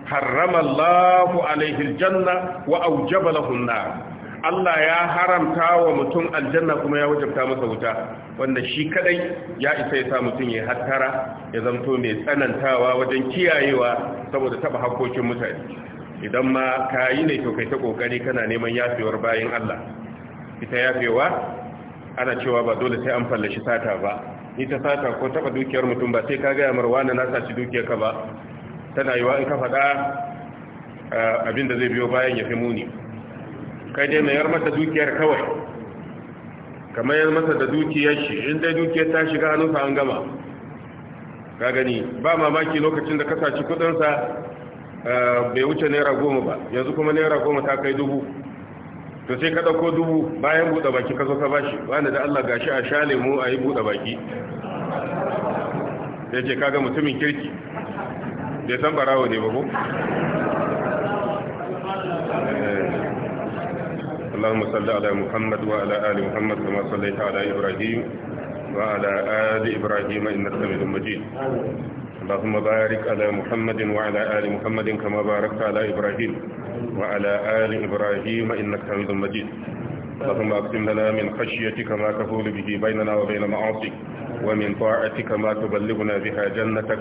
harrama Allahu alaihi aljanna wa aujaba lahu an-nar Allah ya haramta wa mutum aljanna kuma ya wajabta masa wuta wanda shi kadai ya isa ya sa mutum ya hattara ya zamto mai tsanantawa wajen kiyayewa saboda taba hakkokin mutane idan ma ka yi ne to kai ta kokari kana neman yafewar bayan Allah ita yafewa ana cewa ba dole sai an fallashi sata ba Ni ta sata ko taba dukiyar mutum ba sai ka ga wani na saci dukiyar ka ba tana yiwa in ka faɗa eh, abin da zai biyo bayan ya fi muni kai dai 'yar masa dukiyar kawai kamar yar masa da dukiyar shi in dai dukiyar ta shiga hannunsa an gama ka gani ba mamaki lokacin da ka saci sa eh, bai wuce naira goma ba yanzu kuma naira goma ta kai dubu to sai ka ɗauko dubu bayan buɗe baki ka zo ka bashi wanda da Allah gashi a sha lemu a yi buɗe baki ya kaga mutumin kirki bai san barawo ne ba ko اللهم صل على محمد وعلى آل محمد كما صليت على إبراهيم وعلى آل إبراهيم إنك حميد مجيد اللهم بارك على محمد وعلى آل محمد كما باركت على إبراهيم وعلى آل إبراهيم إنك حميد مجيد اللهم أقسم لنا من خشيتك ما تفول به بيننا وبين معاصيك ومن طاعتك ما تبلغنا بها جنتك